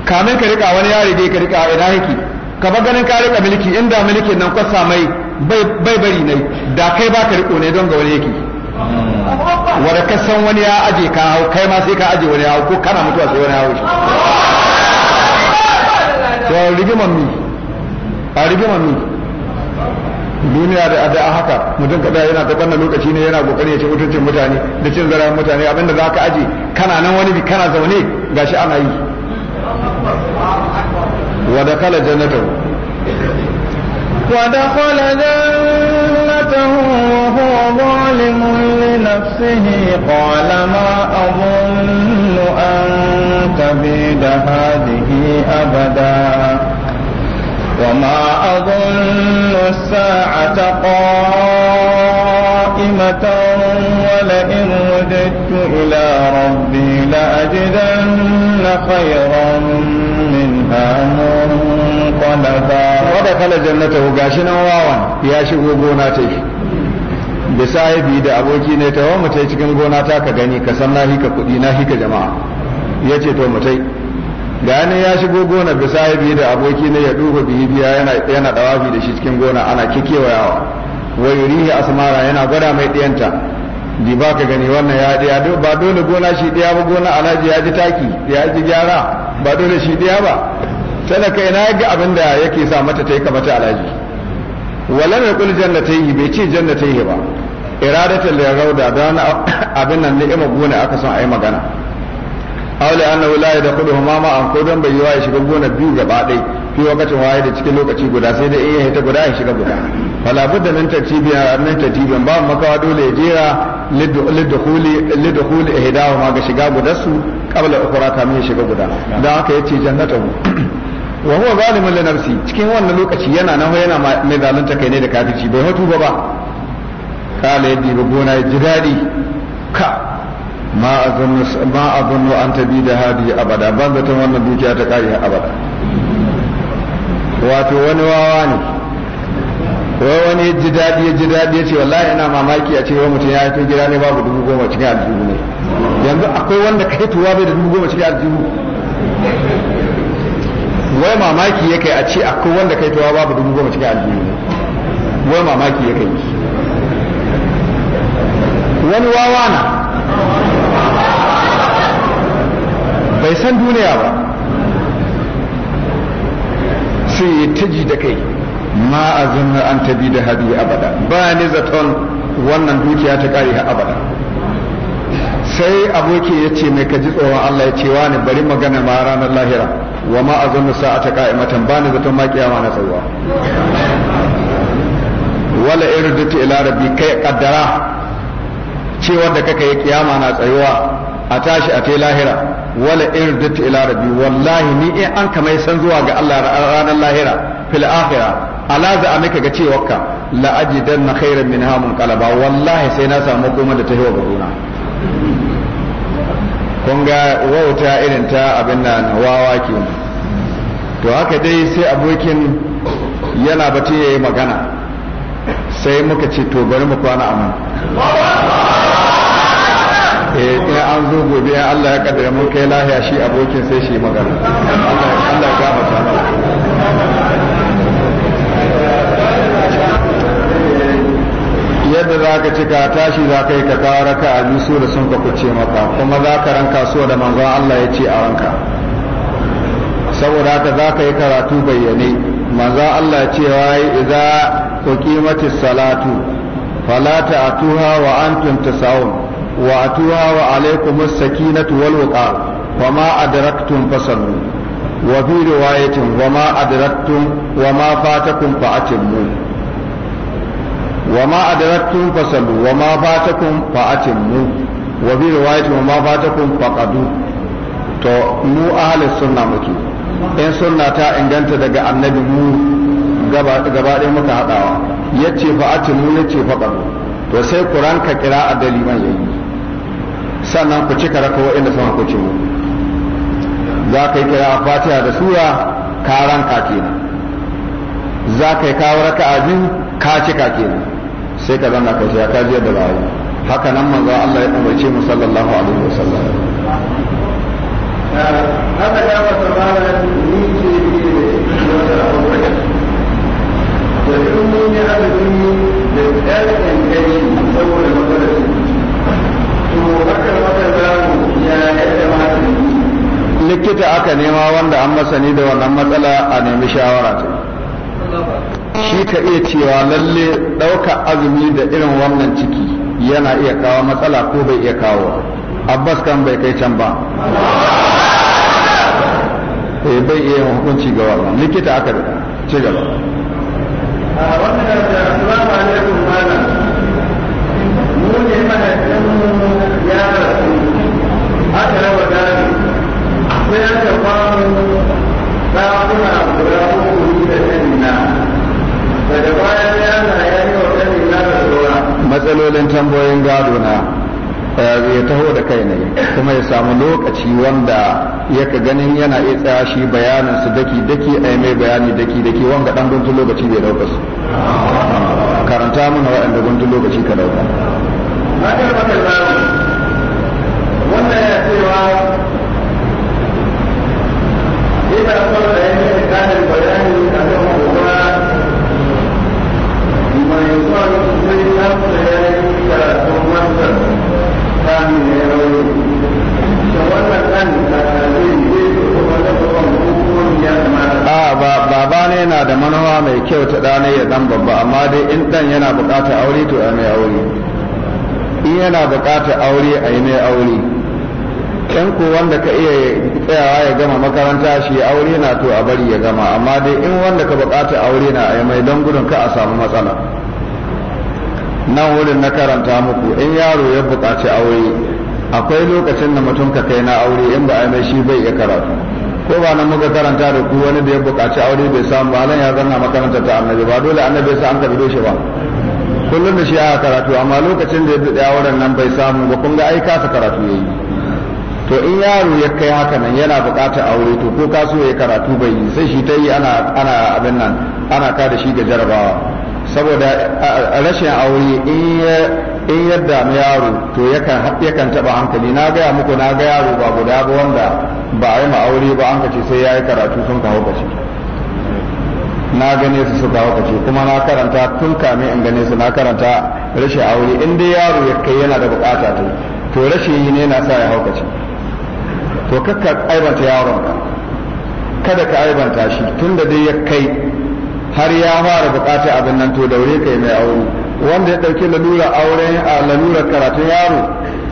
kamin ka rika wani yare dai ka rika ina yake ka ganin ka rika mulki inda mulkin nan kwasa mai bai bari ne da kai ba ka riko ne don ga wani yake wanda ka san wani ya aje ka hau kai ma sai ka aje wani hau ko kana mutuwa sai wani hau shi to rigiman mi a rigiman mi duniya da a haka mutum kada yana ta banna lokaci ne yana kokari ya ci mutuncin mutane da cin zarafin mutane abinda za ka aje kana nan wani bi kana zaune gashi ana yi wa kala jannatu wa dakala jannatu امرأته وهو ظالم لنفسه قال ما أظن أن تبيد هذه أبدا وما أظن الساعة قائمة ولئن رددت إلى ربي لأجدن خيرا منها منها wada kala ko gashi nan wawan ya shigo gona ta yi da sahibi da aboki ne ta wa mutai cikin gona ta ka gani ka san na ka kuɗi na ka jama'a ya ce to mutai ga ne ya shigo gona da sahibi da aboki ne ya duba bihibiya yana yana dawafi da shi cikin gona ana kikewayawa wa rihi asmara yana gwada mai diyanta di ba ka gani wannan ya ɗaya ba dole gona shi ɗaya ba gona alhaji ya ji taki ya ji gyara ba dole shi ɗaya ba kai na ga abin da yake sa mata ta yi kamata alaji wala mai kul yi bai ce yi ba iradatan da rauda don abin nan ima gona aka son yi magana aule annahu da kudu ma an ko don bai yiwa ya shiga gona biyu gaba ɗaya fi lokacin waye da cikin lokaci guda sai da iya ta guda ya shiga guda fala budda nan tartibiya min tartibin ba makawa dole ya jera lidukhuli lidukhuli ihdahu ma ga shiga guda su qabla kamin ya shiga guda dan haka yace jannatu wa huwa zalimun li nafsi cikin wannan lokaci yana nan yana mai zalunta kai ne da kafirci bai hutu ba ba kala ya ba gona ya ji daɗi ka ma azunnu an tabi da hadi abada ban da tun wannan dukiya ta kare abada wato wani wawa ne wai wani ji dadi ya ji ya ce wallahi ina mamaki a ce wa mutum ya haifi gida ne babu dubu goma cikin aljihu ne yanzu akwai wanda ka tuwa bai da dubu goma cikin aljihu wai mamaki ya kai a ce akwai wanda kai tawa babu dubu goma cikin aljihu wai mamaki kai wani wawa na bai san duniya ba sai ya taji da kai ma a zunna an tabi da hadi abada ba ni zaton wannan dukiya ta kare abada sai aboki ya ce mai kaji tsoron Allah ya ce wani bari magana ma ranar lahira wa ma azannu sa'ata qa'imatan bani zaton ma kiyama na tsayuwa wala irdatu ila rabbi kai kaddara cewa da kaka yi kiyama na tsayuwa a tashi a tai lahira wala irdatu ila rabbi wallahi ni in an mai san zuwa ga Allah ranar lahira fil akhirah ala za a mika ga ka la ajidanna khairan min hamun qalaba wallahi sai na samu koma da ta tahiwa ga gona kun ga wauta irin ta abin nan wawa ke to haka dai sai abokin yana bace ya yi magana sai muka ce to bari mu kwana a nan eh in an zo gobe Allah ya kaddara mun kai lahiya shi abokin sai shi magana Allah ya gafarta yadda za ka cika tashi za ka yi ka kawo raka a biyu da sun ka kuce maka kuma za ka ranka so da manzon Allah ya ce a ranka saboda haka za ka yi karatu bayyane manzon Allah ya ce cewa idza tuqimati salatu fala ta'tuha wa antum tasawun wa atuha wa alaikumus sakinatu wal wuqar ma adraktum fasallu wa bi riwayatin ma adraktum ma fatakum fa'atimmu wa ma فصلوا fasallu wa ma وفي fa وما فاتكم فقدوا تو مو ma fatakum faqadu to mu تا sunna muke in sunna ta inganta daga annabi mu gaba muka hadawa yace fa atimmu yace faqadu to sai ku ka kira adali ya yi, sannan ku cika raka wa'inda sama ku ce za ka yi kira fatiha da sura ka kenan za ka yi kawo raka biyu ka cika kenan sai ka zama ka ya kaji da rayu haka nan manzo Allah ya umarce mu sallallahu alaihi wasallam haka ya wata bara ni ce ne da wata da kuma ne abin da ɗan kai saboda matsalar to haka wata zamu ya yadda ma likita aka nema wanda an masani da wannan matsala a nemi shawara ta shi ka iya cewa lalle ɗauka azumi da irin wannan ciki yana iya kawo matsala ko bai iya kawo abbas kan bai kai can ba eh bai iya yin hukunci ga wannan likita aka ci gaba wannan da assalamu alaikum malam matsalolin tambayoyin gado na eh, ya taho da kai ne kuma ya samu lokaci wanda yaka ganin yana iya tsaya shi bayanin su daki daki a mai bayani daki daki wanga dan guntun lokaci bai dauka su karanta mana waɗanda guntun lokaci ka dauka wannan ya cewa ina son da yake kanin bayani a kan kuma mai son zai samu da karatun ah, baba ne na da manawa mai kyau ta ɗane ya ɗan babba amma dai in ɗan yana buƙatar aure to a mai aure in yana buƙatar aure a yi mai aure in ko wanda ka iya tsayawa ya gama makaranta shi aure na to a bari ya gama amma dai in wanda ka buƙatar aure na a yi mai don gudun ka a samu matsala nan wurin na karanta muku in yaro ya buƙaci aure akwai lokacin da mutum ka kai na aure in ba a mai shi bai iya karatu ko ba nan muka karanta da ku wani da ya buƙaci aure bai samu ba nan ya zanna makaranta ta annabi ba dole annabi sa an karbi shi ba kullum da shi ya karatu amma lokacin da ya buɗe auren nan bai samu ba kun ga ai kasa karatu yayi to in yaro ya kai haka nan yana buƙatar aure to ko so ya karatu bai yi sai shi ta yi ana ana abin nan ana ka da shi ga jarabawa saboda rashin aure in yadda mu yaro to yakan taba hankali na gaya muku na ga yaro ba guda ba wanda ba a yi ma aure ba an kace sai ya yi karatu sun kawo kace na gane su suka hau kace kuma na karanta tun kame in gane su na karanta rashin aure in dai yaro ya kai yana da bukata ta to rashin yi ne na sa ya hau kace to kakka aibanta yaron ka kada ka aibanta shi tun da dai ya kai har ya fara bukatar abin nan to daure kai mai aure wanda ya dauki lalura aure a lalura karatun yaro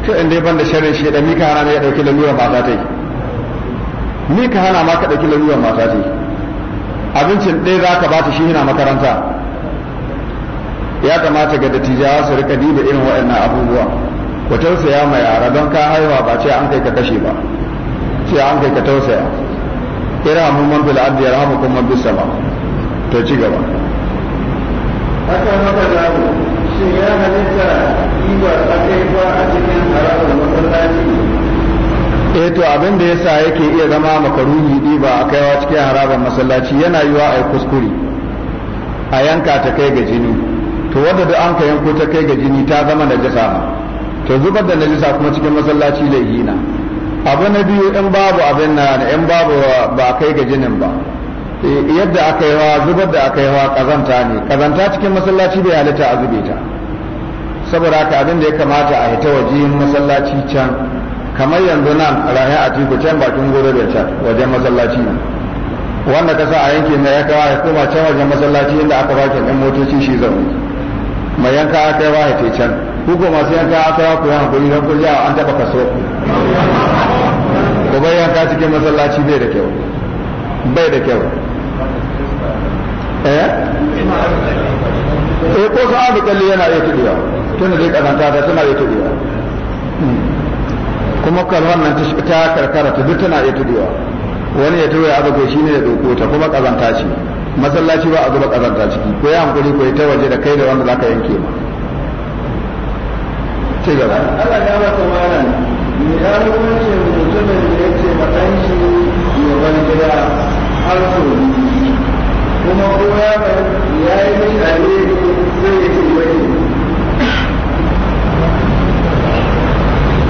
to inda ban da sharri shi da mika hana ya dauki lalura mata ta mika hana ma ka dauki lalura mata ta abincin ɗaya za ka ta shi na makaranta ya kamata ga dattijawa su rika diba irin waɗannan abubuwa ku tausaya ma yara don ka haihuwa ba ce an kai ka kashe ba ce an kai ka tausaya irhamu man bil ardi yarhamukum kuma bis sama ta ci gaba haka maka zamu shi ya halitta iya akaifa a cikin harabar masallaci eh to abin da yasa yake iya zama makaruhi ba a kaiwa cikin harabar masallaci yana yiwa a yi kuskure a yanka ta kai ga jini to wanda da an ka yanko ta kai ga jini ta zama najisa to zubar da najisa kuma cikin masallaci laifi na abu na biyu in babu abin na in babu ba kai ga jinin ba yadda aka yi wa zubar da aka yi wa kazanta ne kazanta cikin masallaci bai halitta a zube ta saboda haka abin da ya kamata a hita waje masallaci can kamar yanzu nan rahe a tiku can bakin gore da can wajen masallaci ne. wanda ka sa a yankin na ya kawo ya koma can wajen masallaci inda aka ba ɗan motoci shi zaune mai yanka aka yi wa hita can ku ko masu yanka aka yi wa yan hakuri don ku an taɓa kaso ku bayyanka cikin masallaci bai da kyau bai da kyau Eh? eh ko sa abu kalli yana iya kazanta tana hmm. kuma kan wannan ta karkara ta duk tana iya tudiya wani ya tuya abu kai shine ya doko ta kuma kazanta ce masallaci ba a zuba kazanta ciki ko ya hankali ko ta waje da kai da wanda zaka yanke ma ci gaba Allah ya ya rubuce mutumin da ya gida har kuma kowa ya yi min alheri zai yi wani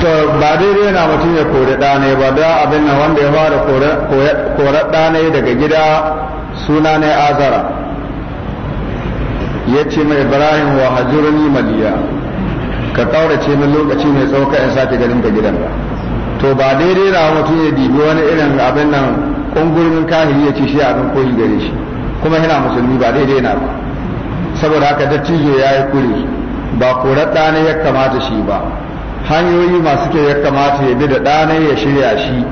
to ba daidai na mutum ya kori ɗane ba da abin nan wanda ya fara korar ɗane daga gida suna ne azara ya ce mai ibrahim wa hajjurani maliya ka ce min lokaci mai tsawo in sake ganin da gidan to ba daidai na mutum ya dibi wani irin abin nan ƙungurin kahiri ya ce shi abin koyi gare shi kuma yana musulmi ba daidai na ba saboda haka dattijo ya yi kuri ba korar ɗane ya kamata shi ba hanyoyi masu ke ya kamata ya bi da ɗane ya shirya shi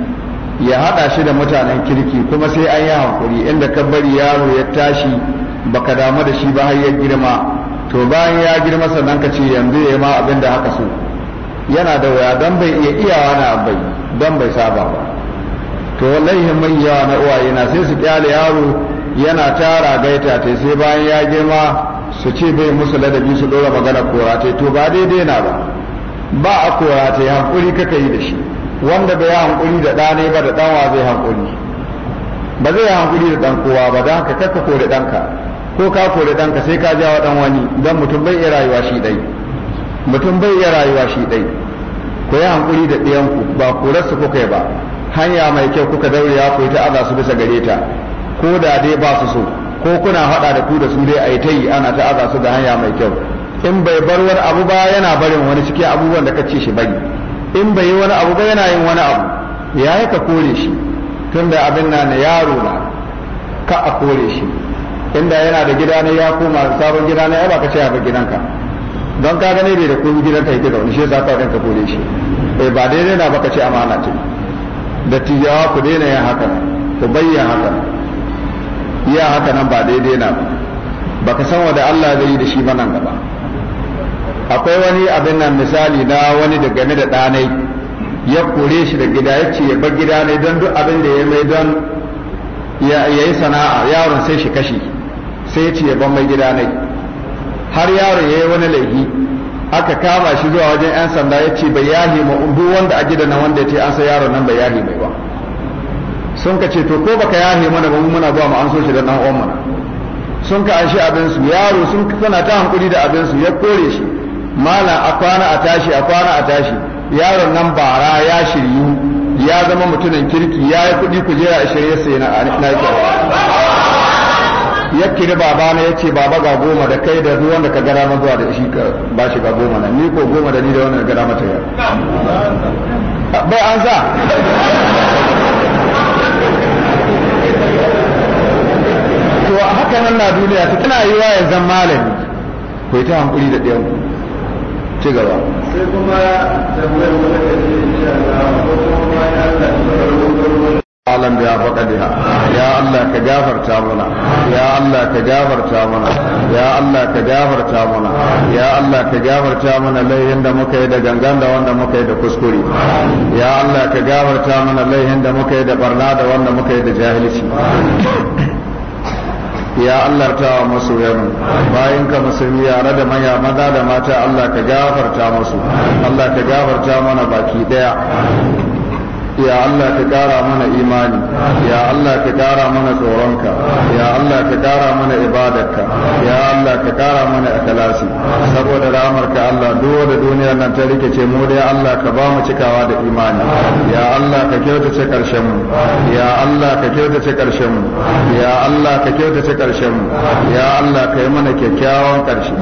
ya haɗa shi da mutanen kirki kuma sai an yi hankuri inda ka bari yaro ya tashi baka damu da shi ba har ya girma to bayan ya girma sannan ka ce yanzu ya yi ma abin da haka so yana da waya don bai iya iyawa na abai don bai saba ba to wallahi mai yawa na uwaye na sai su kyale yaro yana tara gaita ta sai bayan ya girma su ce bai musu ladabi su dora magana kora ta to ba daidai na ba ba a kora ta hankuri kaka yi da shi wanda bai hankuri da ɗa ne ba da ɗanwa zai hankuri ba zai hankuri da ɗan kowa ba don haka kaka kore ɗanka ko ka kore ɗanka sai ka jawo ɗan wani don mutum bai iya rayuwa shi ɗai mutum bai iya rayuwa shi ɗai ku yi hankuri da ɗiyanku ba su kuka yi ba hanya mai kyau kuka daure ya ku ta aza su bisa gare ta ko da dai ba su so ko kuna haɗa da ku da su dai a yi ta yi ana ta aza su da hanya mai kyau in bai bar wani abu ba yana barin wani cikin abubuwan da kace shi bari in bai yi wani abu ba yana yin wani abu ya yi ka kore shi tun da abin na na yaro na ka a kore shi inda yana da gida ne ya koma sabon gida ne ai ba ka ce ba gidanka don ka gane bai da kun gidanka yake da wani shi yasa ka ka kore shi eh ba daidai na baka ce amana ce da tijawa ku daina yin haka ku bayyana haka iya haka nan ba daidai na ba baka san wanda Allah zai yi da shi ba nan gaba akwai wani abin nan misali na wani da game da ɗanai ya kore shi da gida ya ce ya bar gida ne don duk abin da ya mai don ya yi sana'a yaron sai shi kashi sai ya ce ya ban mai gida ne har yaron ya yi wani laifi aka kama shi zuwa wajen 'yan sanda ya ce bai yahi ma duk wanda a gida na wanda ya ce an sa yaron nan bai yahi mai ba sun ka ce to ko baka yahe mana ba muna zuwa mu an so shi da dan uwan mana sun ka anshi abin su yaro sun tana ta hankuri da abin su ya kore shi mala a kwana a tashi a kwana a tashi yaron nan bara ya shiryu ya zama mutumin kirki ya yi kuɗi kujera a shirye sai na ya kiri baba na ya ce baba ga goma da kai da ruwan da ka gara man zuwa da shi ka ba shi ga goma na ni ko goma da ni da wannan gara mata ya bai an sa to haka nan na duniya ta tana yi wa ya zan malami ku yi ta hankuli da ɗayan ku ci gaba sai kuma da wani da ke iya ko kuma ya Allah alam biya faqadiha ya Allah ka gafarta mana ya Allah ka gafarta mana ya Allah ka gafarta mana ya Allah ka gafarta mana laihin da muka yi da gangan da wanda muka yi da kuskure ya Allah ka gafarta mana laihin da muka yi da barna da wanda muka yi da jahilci ya Allah ta wa masoyan bayan ka musulmi yare da maya maza da mata Allah ka gafarta musu Allah ka gafarta mana baki daya ya Allah ka ƙara mana imani ya Allah ka ƙara mana tsoronka ya Allah ka ƙara mana ibadarka ya Allah ka ƙara mana akhlasi saboda ramarka Allah duk da duniyar nan ta rikice mu dai Allah ka ba mu cikawa da imani ya Allah kyautace karshen mu ya Allah ka kyautace karshen mu ya Allah ka kyautace karshen mu ya Allah ka yi mana kyakkyawan karshe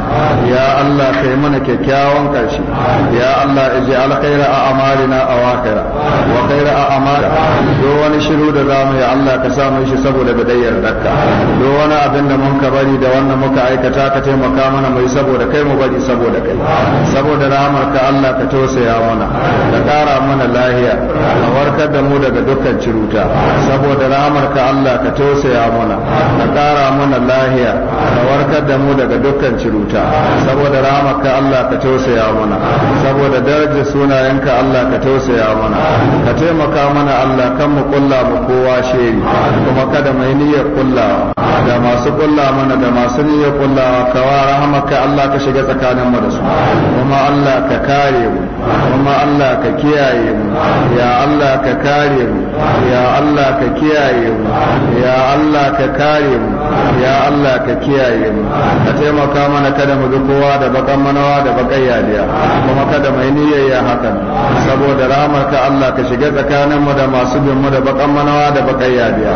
ya Allah ka yi mana kyakkyawan karshe ya Allah ij'al alkhaira a amalina awakhira wa khaira a amalina do wani shiru da zamu ya Allah ka sa mu shi saboda badayyar dakka do wani abin da mun ka bari da wannan muka aikata ka taimaka mana mai saboda kai mu bari saboda kai saboda rahmar ka Allah ka tausaya mana ka kara mana lahiya a warkar da mu daga dukkan ciruta saboda ka Allah ka tausaya mana ka ƙara mana lahiya ka warkar da mu daga dukkan ciruta saboda ka Allah ka tausaya mana saboda darajar sunayenka Allah ka tausaya mana ka taimaka mana Allah kan mu kulla mu kowa sheri kuma kada mai niyyar kulla da masu kulla mana da masu niyyar kullawa ka wa ka Allah ka shiga tsakanin mu da su kuma Allah ka kare mu kuma Allah ka kiyaye mu ya Allah ka kare mu ya Allah ka kiyaye mu ya Allah ka kare mu ya Allah ka kiyaye mu ka taimaka mana kada mu bi kowa da bakan manawa da bakan yadiya kuma kada mai niyyar ya hakan saboda rahmar ka Allah ka shiga tsakanin mu da masu bin mu da bakan manawa da bakan yadiya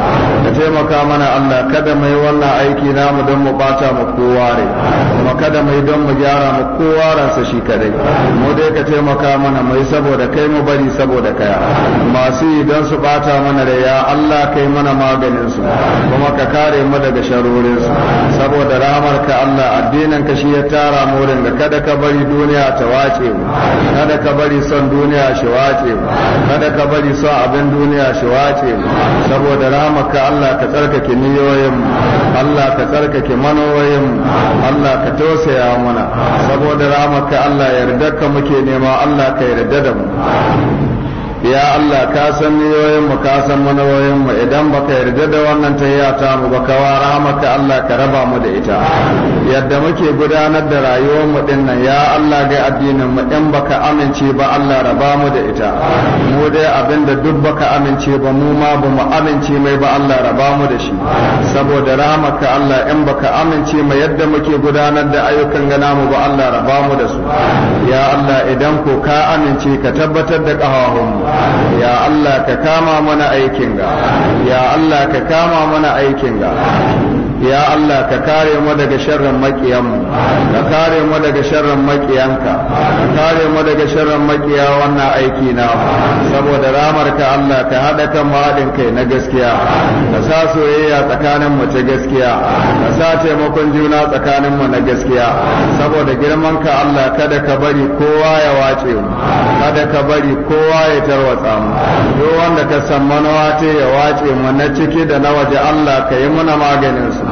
ka taimaka mana Allah kada mai wannan aiki namu don mu bata mu kowa re kuma kada mai don mu gyara mu kowa ransa shi kadai mu dai ka taimaka mana mai saboda kai mu bari saboda kaya masu don su bata mana da ya Allah kai mana maganin su kuma ka kare mu daga sharurin su saboda ramar ka Allah addinin ka shi ya tara mu da kada ka bari duniya ta wace mu kada ka bari son duniya shi wace mu kada ka bari son abin duniya shi wace mu saboda ramar ka Allah ka tsarkake niyoyin mu Allah ka tsarkake manoyin mu Allah ka tausaya mana saboda ramar ka Allah yarda ka muke nema Allah ka yarda da mu ya Allah ka san niyoyin mu ka san manoyin mu idan baka yarda da wannan tayyata ta mu baka ka wara maka Allah ka raba mu da ita yadda muke gudanar da rayuwar mu dinnan ya Allah ga addinin mu in baka amince ba Allah raba mu da ita mu dai abinda duk baka amince ba mu ma ba mu amince mai ba Allah raba mu da shi saboda rahamaka Allah in baka amince mai yadda muke gudanar da ayyukan gana mu ba Allah raba mu da su ya Allah idan ko ka amince ka tabbatar da mu ya Allah ka kama mana aikin ga ya Allah ka kama mana aikin ga ya Allah ka kare mu daga sharrin makiyanmu ka kare mu daga sharrin makiyanka ka kare mu daga sharrin makiya wannan aiki na saboda ka Allah ka hada kan mahaɗin kai na gaskiya ka sa soyayya tsakanin mu ta gaskiya ka sa taimakon juna tsakanin mu na gaskiya saboda girman ka Allah kada ka bari kowa ya wace mu kada ka bari kowa ya tarwatsa mu duk wanda ka san manawa ya wace mu na ciki da na waje Allah ka yi muna maganin su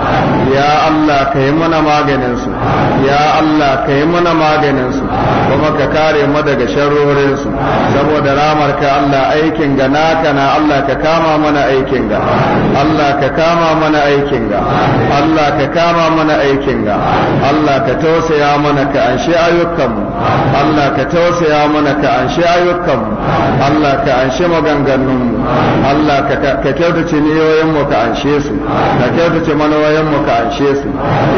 ya Allah ka yi mana maganin su ya Allah ka yi mana maganin su kuma ka kare mu daga sharorin su saboda ramar ka Allah aikin ga naka na Allah ka kama mana aikin ga Allah ka kama mana aikin ga Allah ka kama mana aikin ga Allah ka tausaya mana ka anshi ayyukanmu Allah ka tausaya mana ka anshi ayyukanmu Allah ka anshi maganganunmu Allah ka kyautace niyoyinmu ka anshe su ka kyautace manowa nauyin mu ka anshe su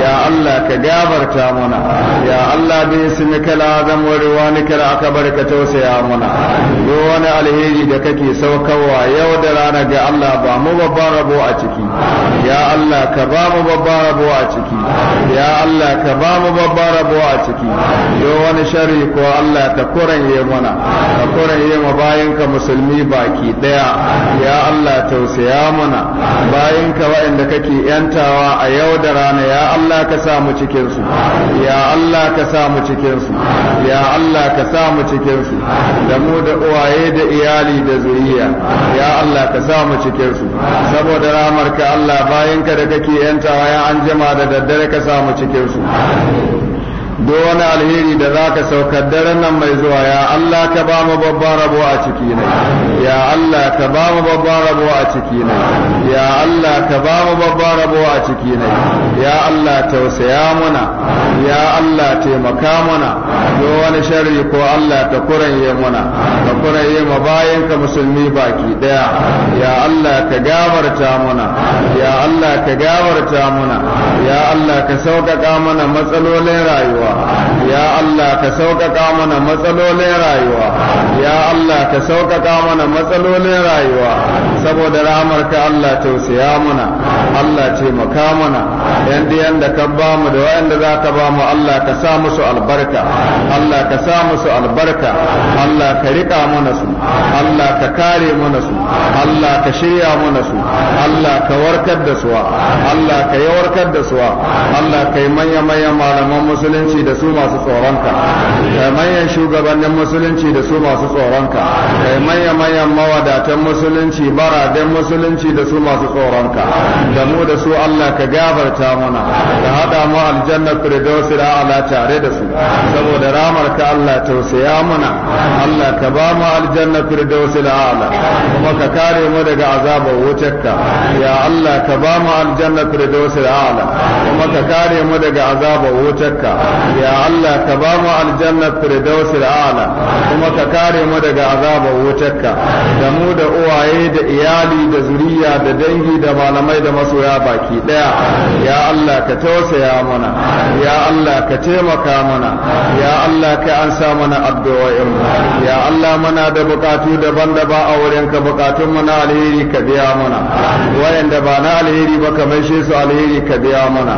ya Allah ka gabarta mana. ya Allah su ne kala azam murwa ne kala aka ka tausaya mana. do wani alheri da kake saukarwa yau da rana ga Allah ba mu babban rabo a ciki ya Allah ka ba mu babban rabo a ciki ya Allah ka ba mu babban rabo a ciki do wani shari ko Allah ta kuranye mana ka kuranye mu ka musulmi baki daya ya Allah tausaya mana. muna bayanka waɗanda kake yanta annabawa a yau da rana ya Allah ka sa mu cikin su ya Allah ka sa mu cikin su ya Allah ka sa mu cikin su da mu da uwaye da iyali da zuriya ya Allah ka sa mu cikin su saboda ramar ka Allah bayan ka da kake yantawa ya an jima da daddare ka sa mu cikin su do wani alheri da za ka saukar daren nan mai zuwa ya Allah ka ba mu babban rabo a ciki ne ya Allah ka ba mu babban rabo a ciki ne ya Allah ka ba mu babban rabo a ciki ne ya Allah tausaya muna ya Allah taimaka muna do wani sharri ko Allah ta kuranye muna ka kuranye ma bayan ka musulmi baki daya ya Allah ka gafarta muna ya Allah ka gafarta muna ya Allah ka sauƙaƙa mana matsalolin rayuwa ya Allah ka sauƙaƙa mana matsalolin rayuwa ya Allah ka sauƙaƙa mana matsalolin rayuwa saboda ka Allah tausaya mana Allah taimaka mana yan diyan da ka ba mu da wayanda za ka ba mu Allah ka sa musu albarka Allah ka sa musu albarka Allah ka riƙa mana su Allah ka kare mana su Allah ka shirya mana su Allah ka warkar da suwa Allah ka yi warkar da suwa Allah ka yi manya-manyan malaman musulunci musulunci da su masu tsoronka kai eh, manyan shugabannin musulunci da su masu tsoronka kai eh, manyan manyan mawadatan musulunci baraden musulunci da su masu tsoronka da mu da su Allah ka gafarta mana ka hada mu aljanna firdausi da ala tare da su saboda ramar ka Allah tausaya mana Allah ka ba mu aljanna firdausi da ala kuma ka kare mu daga azabar wutarka ya Allah ka ba mu aljanna firdausi da ala kuma ka kare mu daga azabar wutarka ya Allah ka ba mu aljanna firdausil a'la kuma ka kare mu daga azabar wutarka da mu da uwaye da iyali da zuriya da dangi da malamai da masoya baki daya ya Allah ka tausaya mana ya Allah ka taimaka mana ya Allah ka ansa mana addu'o'in ya Allah mana da bukatu daban da ba a wurin bukatun mu na alheri ka biya mana wayanda ba na alheri ba ka maishe su alheri ka biya mana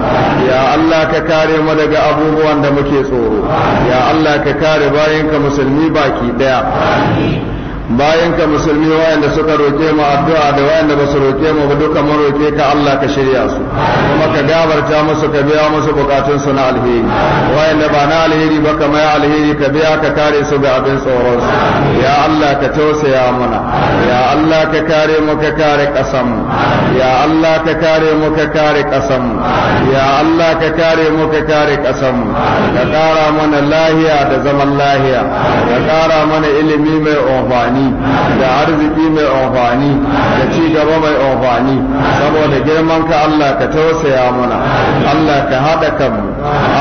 ya Allah ka kare mu daga abubuwa wanda muke tsoro ya Allah ka kare bayanka musulmi baki daya bayan ka musulmi wayanda suka roke mu addu'a da wayanda ba su roke mu ba duka mun roke ka Allah ka shirya su kuma ka gabarta musu ka biya musu bukatun su na alheri wayanda ba na alheri ba kamar mai alheri ka biya ka kare su ga abin tsoron su ya Allah ka tausaya mana ya Allah ka kare mu ka kare kasan ya Allah ka kare mu ka kare kasan ya Allah ka kare mu ka kare kasan ka kara mana lahiya da zaman lahiya ka kara mana ilimi mai amfani amfani da arziki mai amfani da ci gaba mai amfani saboda girman ka Allah ka tausaya mana Allah ka haɗa kanmu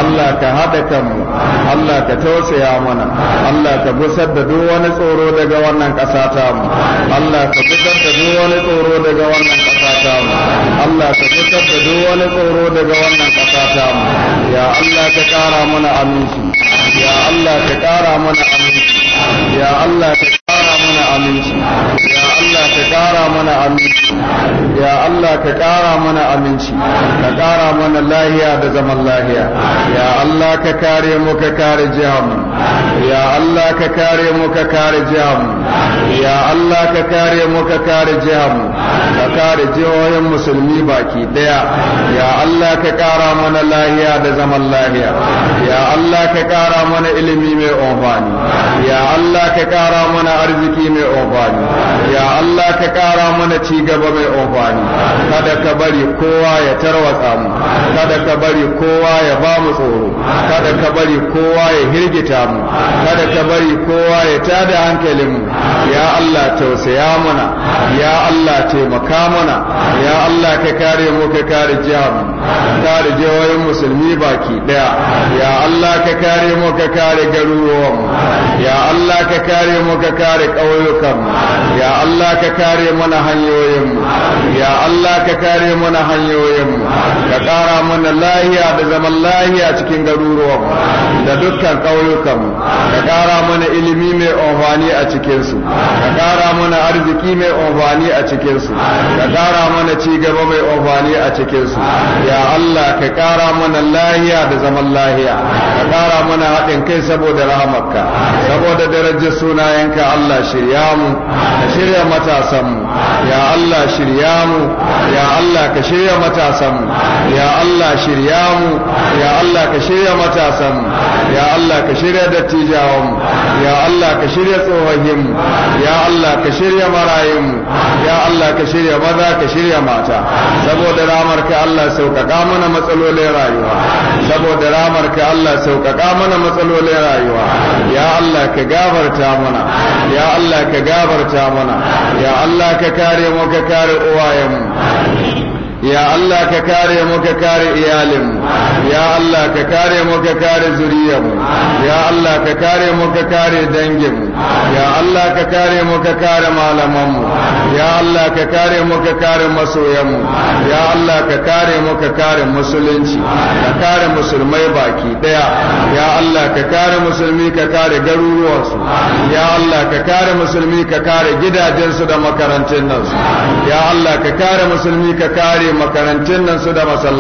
Allah ka haɗa kanmu Allah ka tausaya mana Allah ka busar da duk wani tsoro daga wannan kasa ta mu Allah ka busar da duk wani tsoro daga wannan kasa ta mu Allah ka busar da duk wani tsoro daga wannan kasa ta mu ya Allah ka ƙara mana aminci ya Allah ka ƙara mana aminci ya Allah ka mana aminci ya Allah ka ƙara mana aminci ya Allah ka ƙara mana aminci ka ƙara mana lahiya da zaman lahiya ya Allah ka kare mu ka kare jihanmu ya Allah ka kare mu ka kare jihanmu ya Allah ka kare mu ka kare jihanmu ka kare jihohin musulmi baki daya ya Allah ka ƙara mana lahiya da zaman lahiya ya Allah ka ƙara mana ilimi mai amfani ya Allah ka ƙara mana arziki arziki mai amfani ya Allah ka ƙara mana ci gaba mai amfani kada ka bari kowa ya tarwatsa mu kada ka bari kowa ya ba mu tsoro kada ka bari kowa ya hirgita mu kada ka bari kowa ya tada hankalin mu ya Allah tausaya mana ya Allah taimaka mana ya Allah ka kare mu ka kare jihar kare jihohin musulmi baki daya ya Allah ka kare mu ka kare garuruwan mu ya Allah ka kare mu ka kare ƙauyukan ya Allah ka kare mana hanyoyin ya Allah ka kare mana hanyoyin ka ƙara mana lahiya da zaman lahiya cikin garuruwan da dukkan ƙauyukan ka ƙara mana ilimi mai amfani a cikinsu ka ƙara mana arziki mai amfani a cikinsu ka ƙara mana ci gaba mai amfani a cikinsu ya Allah ka ƙara mana lahiya da zaman lahiya ka ƙara mana haɗin kai saboda rahamarka saboda darajar sunayenka Allah shi shirya mu ka shirya matasan mu ya Allah shirya mu ya Allah ka shirya matasan mu ya Allah shirya mu ya Allah ka shirya matasan mu ya Allah ka shirya dattijawan mu ya Allah ka shirya tsohon mu ya Allah ka shirya marayun mu ya Allah ka shirya maza ka shirya mata saboda ramar ka Allah sauƙaƙa mana matsalolin rayuwa saboda ramar ka Allah sauƙaƙa mana matsalolin rayuwa ya Allah ka gafarta mana ya Allah ka gabarta mana ya Allah ka kare mu ka kare uwayenmu ya Allah ka kare mu ka kare iyalinmu ya Allah ka kare mu ka kare zuriyarmu ya Allah ka kare mu ka kare danginmu ya Allah ka kare mu ka kare malamanmu ya Allah ka kare mu ka kare masoyanmu ya Allah ka kare mu ka kare musulunci ka kare musulmai baki daya ya Allah ka kare musulmi ka kare garuruwansu ya Allah ka kare musulmi ka kare gidajensu da makarantun nan ya Allah ka kare musulmi ka kare makarantun nan su da su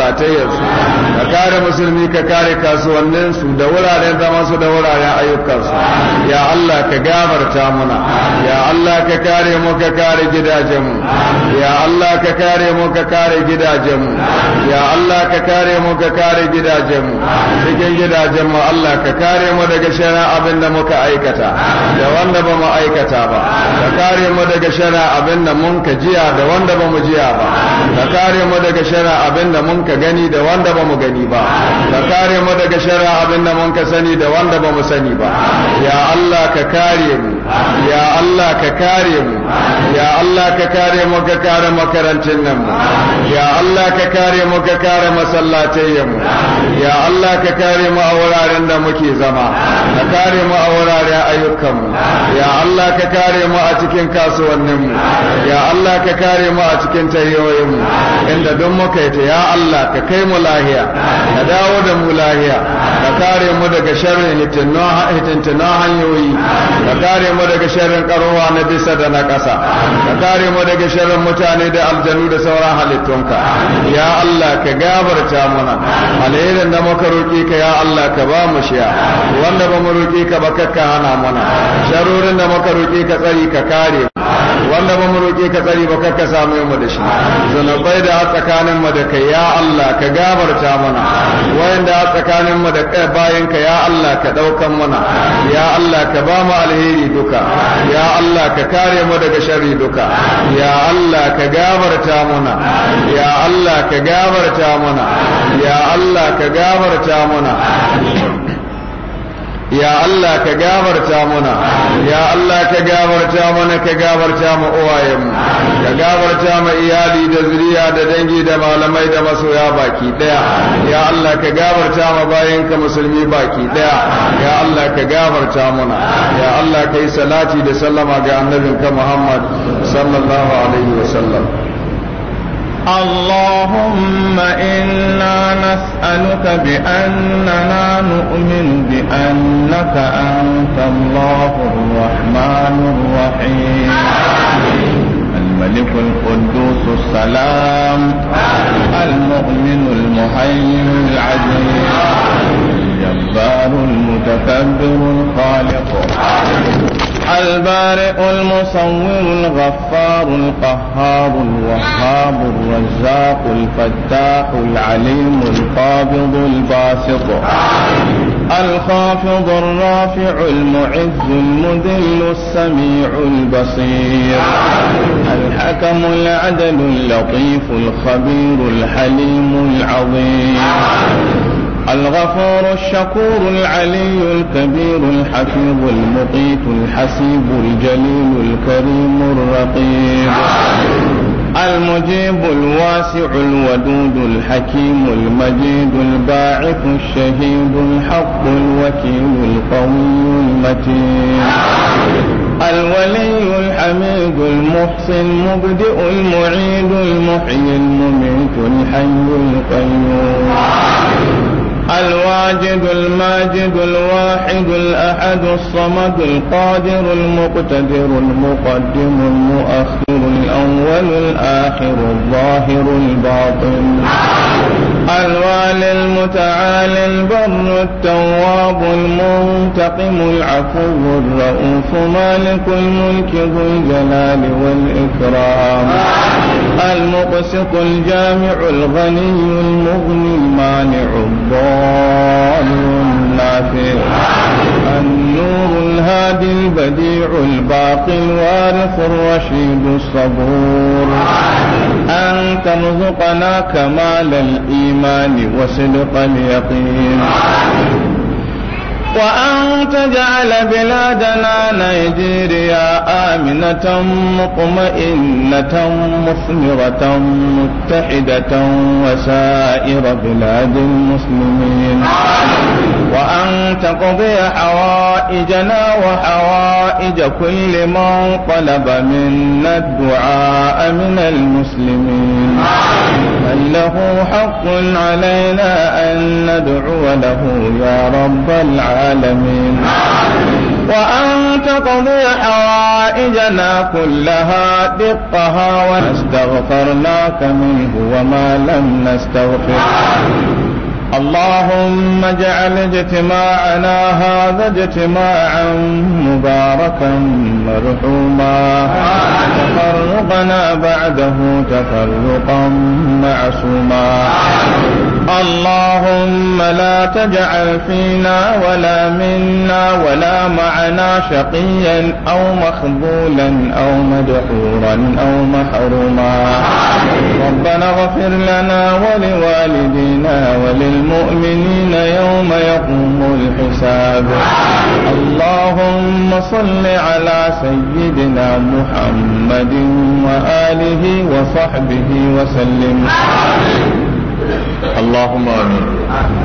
ka kare musulmi ka kare kasuwannin su da wuraren zaman su da wuraren ayyukansu ya Allah ka gabarta muna ya Allah ka kare mu ka kare gidajenmu ya Allah ka kare mu ka kare gidajenmu ya Allah ka kare mu ka kare gidajenmu cikin gidajenmu Allah ka kare mu daga sharar abin da muka aikata da wanda ba mu aikata ba ka kare mu daga sharar abin da mun ka jiya da wanda ba mu jiya ba ka kare kare mu daga shara abinda mun ka gani da wanda ba mu gani ba ka kare mu daga shara abinda mun ka sani da wanda ba mu sani ba ya Allah ka kare mu ya Allah ka kare mu ya Allah ka kare mu ka kare makarantun nan mu ya Allah ka kare mu ka kare masallatai mu ya Allah ka kare mu a wuraren da muke zama ka kare mu a wuraren ayyukan mu ya Allah ka kare mu a cikin kasuwannin mu ya Allah ka kare mu a cikin tayoyin mu inda don muka yi ya Allah ka kai mu lahiya ka dawo da mu lahiya ka kare mu daga sharrin hitintuna hanyoyi ka kare mu daga sharrin karuwa na bisa da na ƙasa ka kare mu daga sharrin mutane da aljanu da sauran halittunka ya Allah ka gabarta mana alherin da muka roƙi ka ya Allah ka ba mu shiya wanda ba mu roƙi ka ba ka hana mana sharorin da muka roƙi ka tsari ka kare wanda ba mu roƙe ka tsari ba kakka samu mu da shi bai da a tsakanin mu da kai ya Allah ka gabarta mana wayanda a tsakanin mu da bayan ka ya Allah ka ɗaukan mana ya Allah ka ba mu alheri duka ya Allah ka kare mu daga sharri duka ya Allah ka gabarta mana ya Allah ka gabarta mana ya Allah ka gabarta mana ya Allah ka gafarta mana ya ka gafarta mana ka gafarta mu uwayenmu ka gafarta ma iyali da zuriya da dangi da malamai da masoya baki daya ya Allah ka gafarta mu bayanka musulmi baki daya ya Allah ka gafarta mana ya Allah yi salati da sallama ga annabinka Muhammad sallallahu alaihi wasallam اللهم إنا نسألك بأننا نؤمن بأنك أنت الله الرحمن الرحيم الملك القدوس السلام المؤمن المهيمن العزيز الجبار المتكبر الخالق البارئ المصور الغفار القهار الوهاب الرزاق الفتاح العليم القابض الباسط الخافض الرافع المعز المذل السميع البصير الحكم العدل اللطيف الخبير الحليم العظيم الغفور الشكور العلي الكبير الحفيظ المقيت الحسيب الجليل الكريم الرقيب المجيب الواسع الودود الحكيم المجيد الباعث الشهيد الحق الوكيل القوي المتين الولي الحميد المحسن المبدئ المعيد المحيي المميت الحي القيوم الواجد الماجد الواحد الأحد الصمد القادر المقتدر المقدم المؤخر الأول الآخر الظاهر الباطن الوالي المتعالي البر التواب المنتقم العفو الرؤوف مالك الملك ذو الجلال والإكرام المقسط الجامع الغني المغني المانع الضال النافع النور الهادي البديع الباقي الوارث الرشيد الصبور أن ترزقنا كمال الإيمان وصدق اليقين وأن تجعل بلادنا نيجيريا آمنة مطمئنة مثمرة متحدة وسائر بلاد المسلمين وأن تقضي حوائجنا وحوائج كل من طلب منا الدعاء من المسلمين بل له حق علينا أن ندعو له يا رب العالمين العالمين وأن تقضي حوائجنا كلها دقها واستغفرناك منه وما لم نستغفره اللهم اجعل اجتماعنا هذا اجتماعا مباركا مرحوما تفرقنا بعده تفرقا معصوما اللهم لا تجعل فينا ولا منا ولا معنا شقيا أو مخذولا أو مدحورا أو محروما ربنا اغفر لنا ولوالدينا وللمؤمنين يوم يقوم الحساب اللهم صل على سيدنا محمد وآله وصحبه وسلم اللهم امين